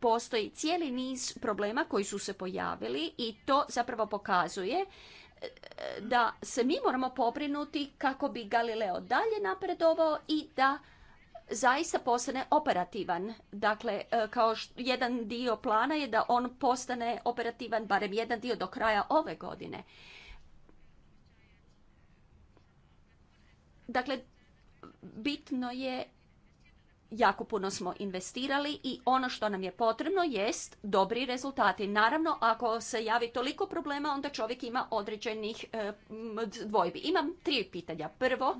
postoji cijeli niz problema koji su se pojavili i to zapravo pokazuje da se mi moramo pobrinuti kako bi Galileo dalje napredovao i da zaista postane operativan. Dakle, e, kao jedan dio plana je da on postane operativan, barem jedan dio do kraja ove godine. Dakle, bitno je jako puno smo investirali i ono što nam je potrebno jest dobri rezultati. Naravno, ako se javi toliko problema, onda čovjek ima određenih e, dvojbi. Imam tri pitanja. Prvo,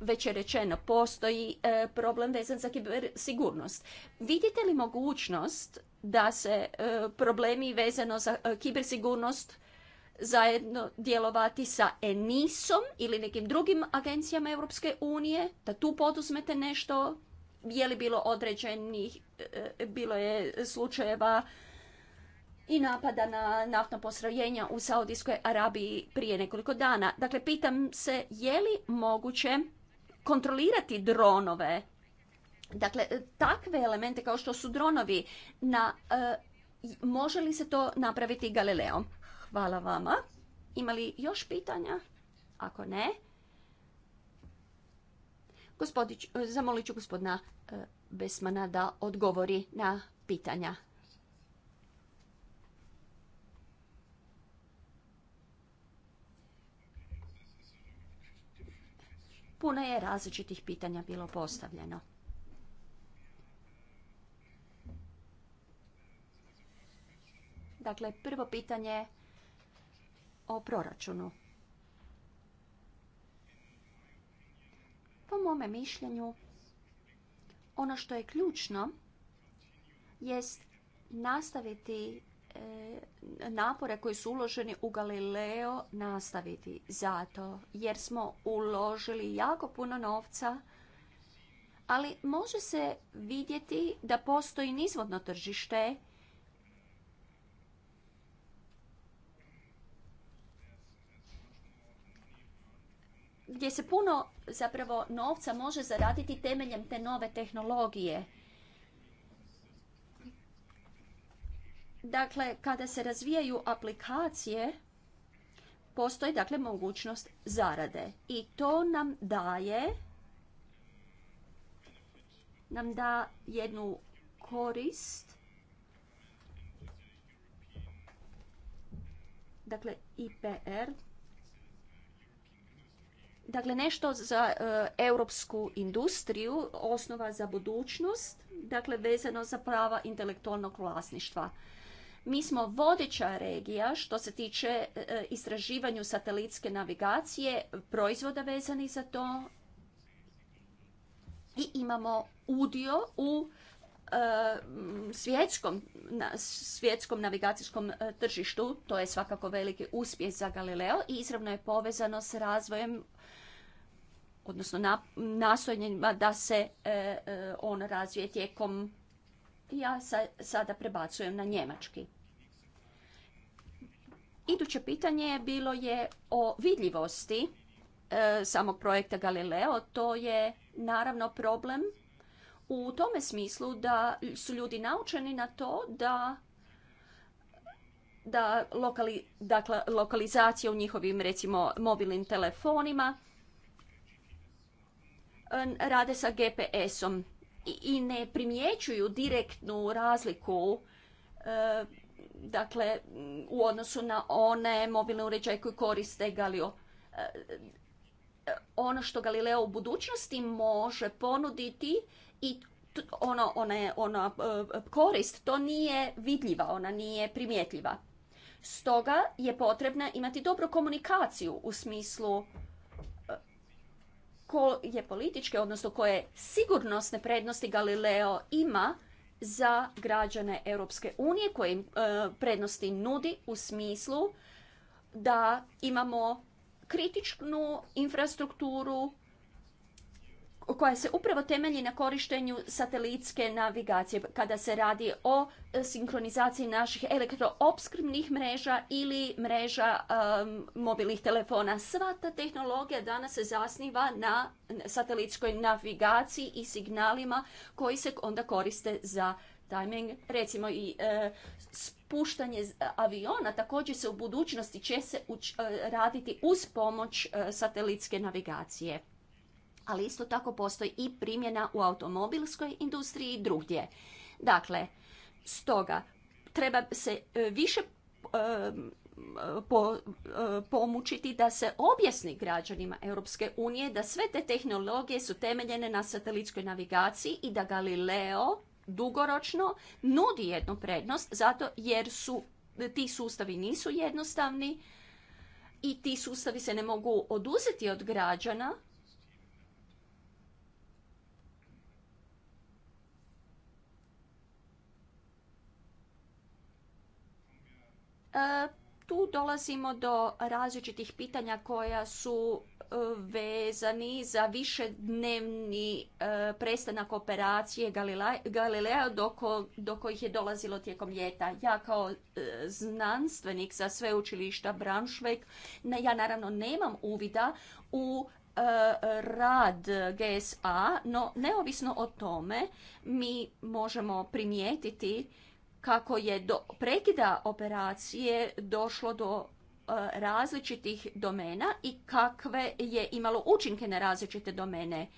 već je rečeno, postoji e, problem vezan za kibersigurnost. Vidite li mogućnost da se e, problemi vezano za e, kibersigurnost zajedno djelovati sa ENISom ili nekim drugim agencijama Europske unije, da tu poduzmete nešto, je li bilo određenih, bilo je slučajeva i napada na naftno postrojenja u Saudijskoj Arabiji prije nekoliko dana. Dakle, pitam se je li moguće kontrolirati dronove. Dakle, e, takve elemente kao što su dronovi, na, e, može li se to napraviti Galileom? Hvala vama. Ima li još pitanja? Ako ne, Gospodić, e, zamolit ću gospodina Besmana da odgovori na pitanja. Puno je različitih pitanja bilo postavljeno. Dakle, prvo pitanje o proračunu. Po mome mišljenju, ono što je ključno jest nastaviti E, napore koji su uloženi u Galileo nastaviti. Zato jer smo uložili jako puno novca, ali može se vidjeti da postoji nizvodno tržište gdje se puno zapravo novca može zaraditi temeljem te nove tehnologije Dakle, kada se razvijaju aplikacije, postoji dakle mogućnost zarade i to nam daje nam da jednu korist dakle IPR dakle nešto za e, europsku industriju osnova za budućnost dakle vezano za prava intelektualnog vlasništva mi smo vodeća regija što se tiče e, istraživanju satelitske navigacije, proizvoda vezani za to i imamo udio u e, svjetskom, navigacijskom e, tržištu. To je svakako veliki uspjeh za Galileo i izravno je povezano s razvojem odnosno na, da se on razvije tijekom ja sada prebacujem na njemački. Iduće pitanje bilo je o vidljivosti e, samog projekta Galileo. To je naravno problem u tome smislu da su ljudi naučeni na to da da dakle, lokalizacija u njihovim recimo mobilnim telefonima e, rade sa GPS-om i, ne primjećuju direktnu razliku e, dakle, u odnosu na one mobilne uređaje koji koriste Galileo. E, e, ono što Galileo u budućnosti može ponuditi i ono, ona, ona e, korist, to nije vidljiva, ona nije primjetljiva. Stoga je potrebna imati dobru komunikaciju u smislu koje političke, odnosno koje sigurnosne prednosti Galileo ima za građane Europske unije koje im prednosti nudi u smislu da imamo kritičnu infrastrukturu koja se upravo temelji na korištenju satelitske navigacije kada se radi o e, sinkronizaciji naših elektroopskrbnih mreža ili mreža mobilnih telefona. Sva ta tehnologija danas se zasniva na satelitskoj navigaciji i signalima koji se onda koriste za timing. Recimo i e, spuštanje aviona također se u budućnosti će se e, raditi uz pomoć satelitske navigacije ali isto tako postoji i primjena u automobilskoj industriji i drugdje. Dakle, stoga treba se e, više e, e, pomučiti da se objasni građanima Europske unije da sve te tehnologije su temeljene na satelitskoj navigaciji i da Galileo dugoročno nudi jednu prednost zato jer su ti sustavi nisu jednostavni i ti sustavi se ne mogu oduzeti od građana E, tu dolazimo do različitih pitanja koja su e, vezani za višednevni e, prestanak operacije Galileo do, kojih je dolazilo tijekom ljeta. Ja kao znanstvenik sa sveučilišta Braunschweig, ja naravno nemam uvida u rad GSA, no neovisno o tome mi možemo primijetiti kako je do prekida operacije došlo do e, različitih domena i kakve je imalo učinke na različite domene. E,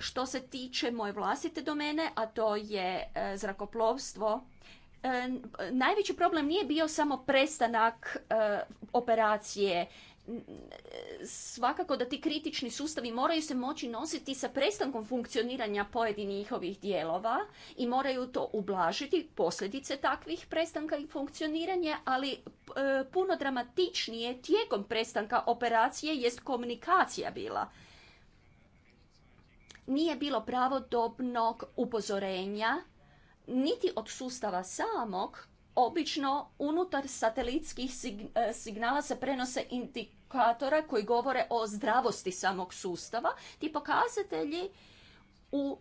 što se tiče moje vlastite domene, a to je e, zrakoplovstvo, najveći problem nije bio samo prestanak operacije svakako da ti kritični sustavi moraju se moći nositi sa prestankom funkcioniranja pojedinih njihovih dijelova i moraju to ublažiti posljedice takvih prestanka i funkcioniranja, ali e, puno dramatičnije tijekom prestanka operacije jest komunikacija bila. Nije bilo pravodobnog upozorenja niti od sustava samog Obično unutar satelitskih e, signala se prenose indikatora koji govore o zdravosti samog sustava. Ti pokazatelji u,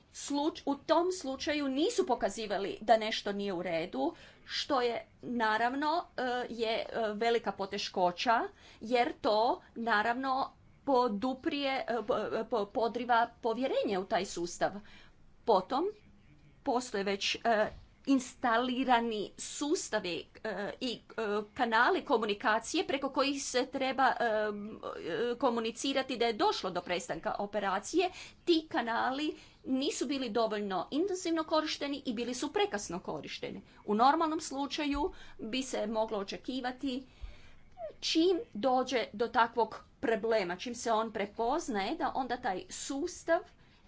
u tom slučaju nisu pokazivali da nešto nije u redu, što je naravno e, je e, velika poteškoća jer to naravno poduprije, podriva povjerenje u taj sustav. Potom postoje već instalirani sustavi eh, i eh, kanali komunikacije preko kojih se treba eh, komunicirati da je došlo do prestanka operacije, ti kanali nisu bili dovoljno intenzivno korišteni i bili su prekasno korišteni. U normalnom slučaju bi se moglo očekivati čim dođe do takvog problema, čim se on prepoznaje, da onda taj sustav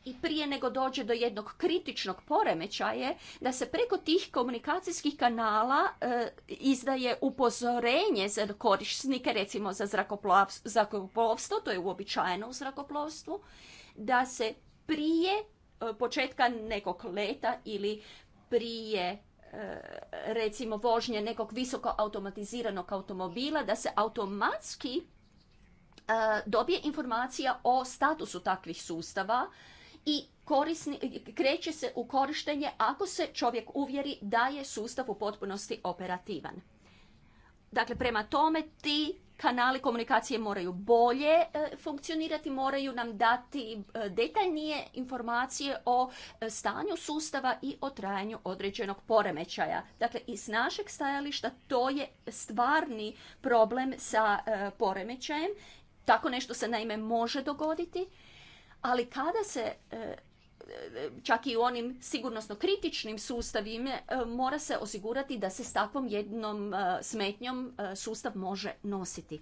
i prije nego dođe do jednog kritičnog poremećaja, da se preko tih komunikacijskih kanala e, izdaje upozorenje za korisnike, recimo za zrakoplovstvo, to je uobičajeno u zrakoplovstvu, da se prije e, početka nekog leta ili prije e, recimo vožnje nekog visoko automatiziranog automobila, da se automatski dobije informacija o statusu takvih sustava i korisni, kreće se u korištenje ako se čovjek uvjeri da je sustav u potpunosti operativan. Dakle, prema tome ti kanali komunikacije moraju bolje e, funkcionirati, moraju nam dati e, detaljnije informacije o e, stanju sustava i o trajanju određenog poremećaja. Dakle, iz našeg stajališta to je stvarni problem sa poremećajem. Tako nešto se naime može dogoditi ali kada se e, e, čak i u onim sigurnosno kritičnim sustavima e, mora se osigurati da se s takvom jednom smetnjom sustav može nositi.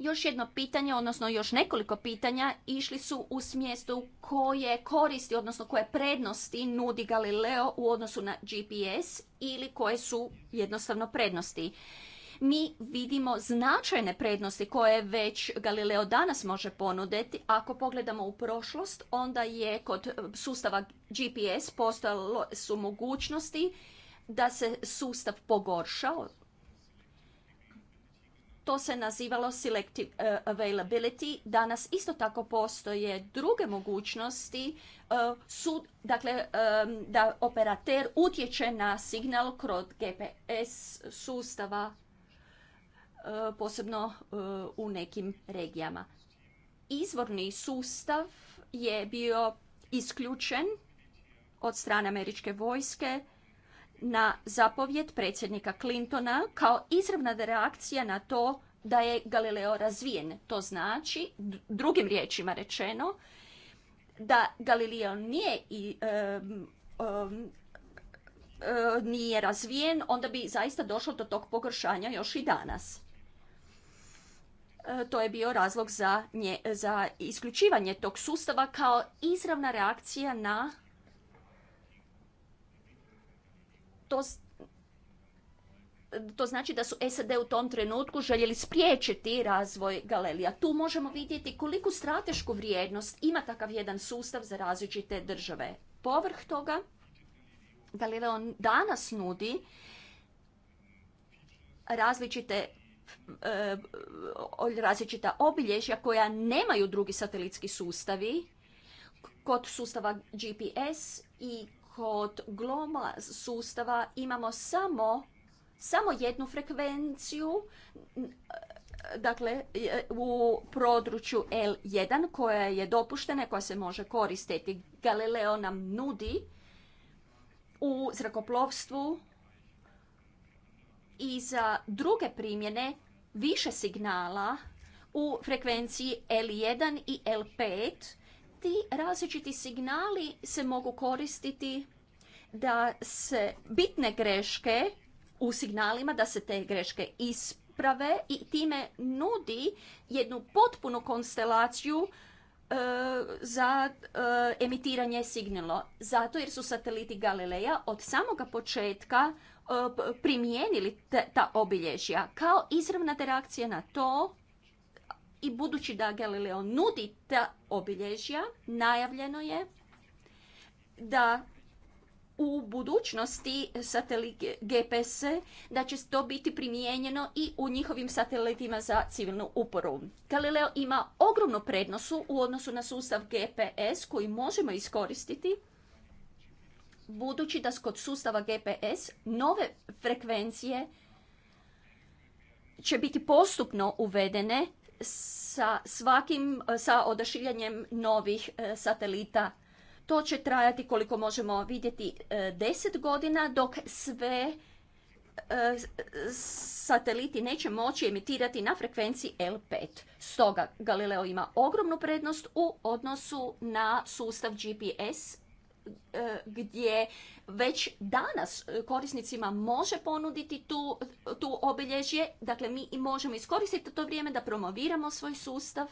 Još jedno pitanje, odnosno još nekoliko pitanja išli su u smjestu koje koristi, odnosno koje prednosti nudi Galileo u odnosu na GPS ili koje su jednostavno prednosti mi vidimo značajne prednosti koje već Galileo danas može ponuditi. Ako pogledamo u prošlost, onda je kod sustava GPS postalo su mogućnosti da se sustav pogoršao, to se nazivalo selective eh, availability. Danas isto tako postoje druge mogućnosti eh, dakle, da operater utječe na signal kroz GPS sustava E, posebno e, u nekim regijama. Izvorni sustav je bio isključen od strane američke vojske na zapovjed predsjednika Clintona kao izravna reakcija na to da je Galileo razvijen. To znači, drugim riječima rečeno, da Galileo nije e, nije razvijen, onda bi zaista došlo do tog pogoršanja još i danas. E, to je bio razlog za, nje, za isključivanje tog sustava kao izravna reakcija na to to znači da su SAD u tom trenutku željeli spriječiti razvoj Galelija. Tu možemo vidjeti koliku stratešku vrijednost ima takav jedan sustav za različite države. Povrh toga, Galileo danas nudi različite E, različita obilježja koja nemaju drugi satelitski sustavi, kod sustava GPS i kod gloma sustava imamo samo, samo jednu frekvenciju, dakle u području L1 koja je dopuštena, koja se može koristiti. Galileo nam nudi u zrakoplovstvu i za druge primjene više signala u frekvenciji L1 i L5. Ti različiti signali se mogu koristiti da se bitne greške u signalima, da se te greške isprave i time nudi jednu potpunu konstelaciju e, za e, emitiranje signala. Zato jer su sateliti Galileja od samoga početka E, primijenili ta obilježja kao izravna reakcija na to i budući da Galileo nudi ta obilježja, najavljeno je da u budućnosti satelit GPS da će to biti primijenjeno i u njihovim satelitima za civilnu uporu. Galileo ima ogromnu prednosu u odnosu na sustav GPS koji možemo iskoristiti budući da kod sustava GPS nove frekvencije će biti postupno uvedene sa svakim, sa odašiljanjem novih e, satelita. To će trajati koliko možemo vidjeti 10 e, godina dok sve e, sateliti neće moći emitirati na frekvenciji L5. Stoga Galileo ima ogromnu prednost u odnosu na sustav GPS E, gdje već danas korisnicima može ponuditi tu, tu obilježje. Dakle, mi i možemo iskoristiti to vrijeme da promoviramo svoj sustav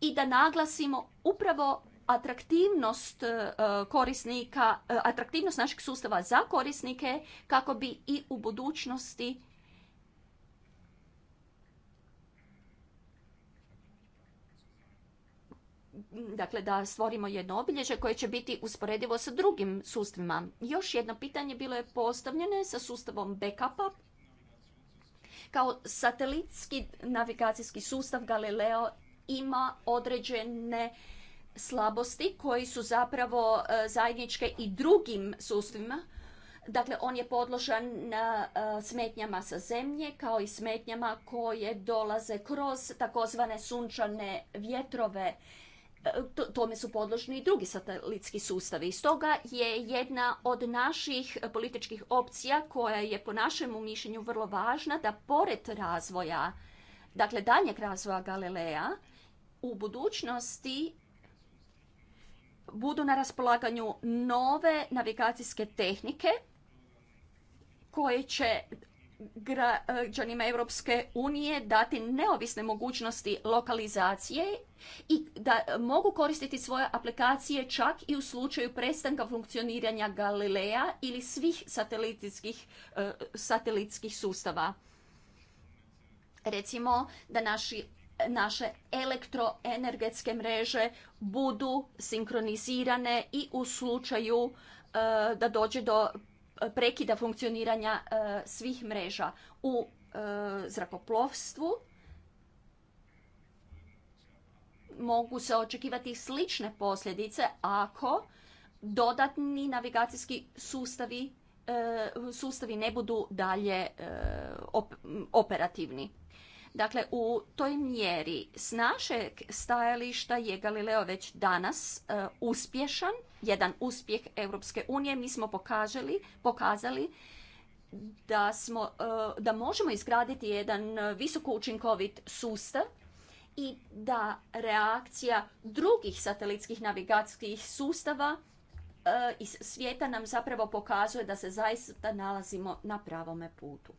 i da naglasimo upravo atraktivnost e, korisnika, e, atraktivnost našeg sustava za korisnike kako bi i u budućnosti dakle da stvorimo jedno obilježje koje će biti usporedivo sa drugim sustavima. Još jedno pitanje bilo je postavljeno sa sustavom backupa kao satelitski navigacijski sustav Galileo ima određene slabosti koji su zapravo e, zajedničke i drugim sustavima. Dakle, on je podložan na e, smetnjama sa zemlje kao i smetnjama koje dolaze kroz takozvane sunčane vjetrove E, tome su podložni i drugi satelitski sustavi. Stoga je jedna od naših političkih opcija koja je po našemu mišljenju vrlo važna da pored razvoja, dakle daljnjeg razvoja Galilea, u budućnosti budu na raspolaganju nove navigacijske tehnike koje će građanima e, Europske unije dati neovisne mogućnosti lokalizacije i da mogu koristiti svoje aplikacije čak i u slučaju prestanka funkcioniranja Galileja ili svih satelitskih, e, satelitskih sustava. Recimo da naši naše elektroenergetske mreže budu sinkronizirane i u slučaju e, da dođe do E, prekida funkcioniranja e, svih mreža u e, zrakoplovstvu mogu se očekivati slične posljedice ako dodatni navigacijski sustavi, sustavi ne budu dalje operativni. Dakle, u toj mjeri s našeg stajališta je Galileo već danas e, uspješan, jedan uspjeh Europske unije. Mi smo pokazali, pokazali da, smo, e, da možemo izgraditi jedan visoko učinkovit sustav i da reakcija drugih satelitskih navigacijskih sustava e, iz svijeta nam zapravo pokazuje da se zaista nalazimo na pravome putu.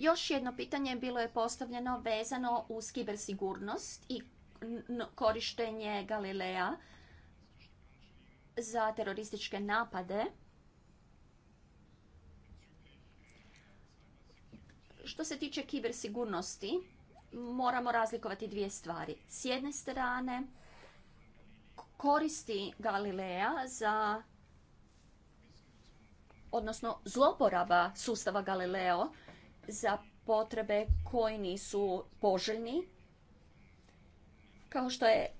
Još jedno pitanje bilo je postavljeno vezano uz kibersigurnost i korištenje Galilea za terorističke napade. Što se tiče kibersigurnosti, moramo razlikovati dvije stvari. S jedne strane, koristi Galilea za odnosno zloporaba sustava Galileo za potrebe koji nisu poželjni, kao što je e,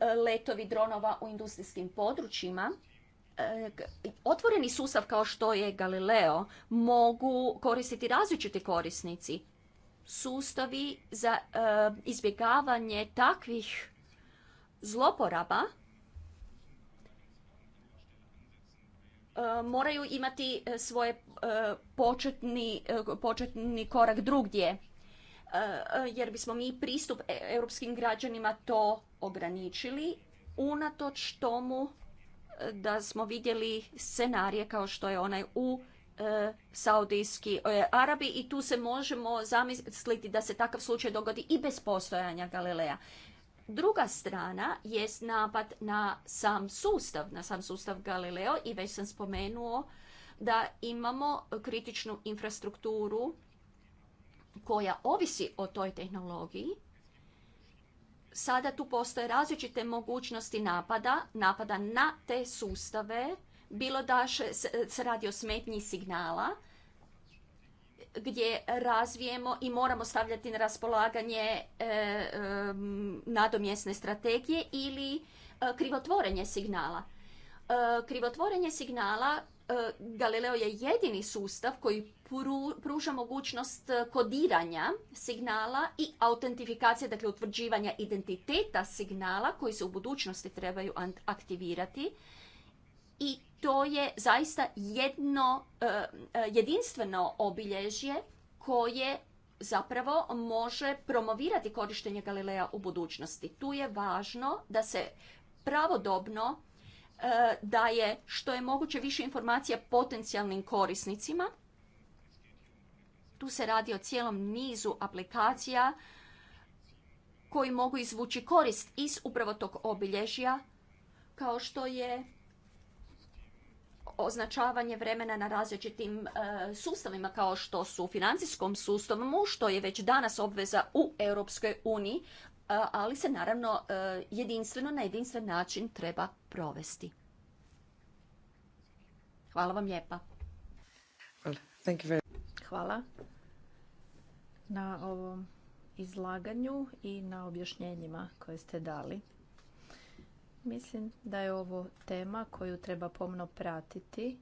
e, letovi dronova u industrijskim područjima. E, otvoreni sustav kao što je Galileo mogu koristiti različiti korisnici. Sustavi za izbjegavanje takvih zloporaba E, moraju imati e, svoje e, početni, početni korak drugdje jer bismo mi pristup europskim građanima to ograničili unatoč tomu da smo vidjeli scenarije kao što je onaj u Saudijski Arabi i tu se možemo zamisliti da se takav slučaj dogodi i bez postojanja Galileja. Druga strana jest napad na sam sustav, na sam sustav Galileo i već sam spomenuo da imamo kritičnu infrastrukturu koja ovisi o toj tehnologiji. Sada tu postoje različite mogućnosti napada, napada na te sustave, bilo da se radi o smetnji signala, gdje razvijemo i moramo stavljati na raspolaganje e, e, nadomjesne strategije ili e, krivotvorenje signala. Krivotvorenje signala Galileo je jedini sustav koji pruža mogućnost kodiranja signala i autentifikacije, dakle utvrđivanja identiteta signala koji se u budućnosti trebaju aktivirati i to je zaista jedno e, e, jedinstveno obilježje koje zapravo može promovirati korištenje Galileja u budućnosti. Tu je važno da se pravodobno e, daje što je moguće više informacija potencijalnim korisnicima. Tu se radi o cijelom nizu aplikacija koji mogu izvući korist iz upravo tog obilježja, kao što je označavanje vremena na različitim e, sustavima kao što su financijskom sustavu, što je već danas obveza u Europskoj uniji, e, ali se naravno e, jedinstveno na jedinstven način treba provesti. Hvala vam lijepa. Hvala na ovom izlaganju i na objašnjenjima koje ste dali. Mislim da je ovo tema koju treba pomno pratiti.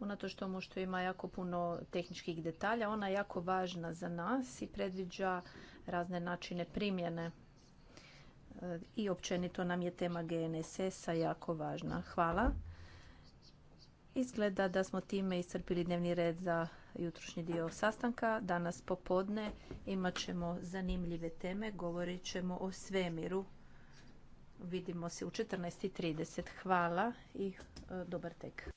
Unatoč tomu što ima jako puno tehničkih detalja, ona je jako važna za nas i predviđa razne načine primjene. E, I općenito nam je tema GNSS-a jako važna. Hvala. Izgleda da smo time iscrpili dnevni red za jutrošnji dio sastanka. Danas popodne imat ćemo zanimljive teme, govorit ćemo o svemiru. Vidimo se u 14.30. Hvala i e, dobar tek.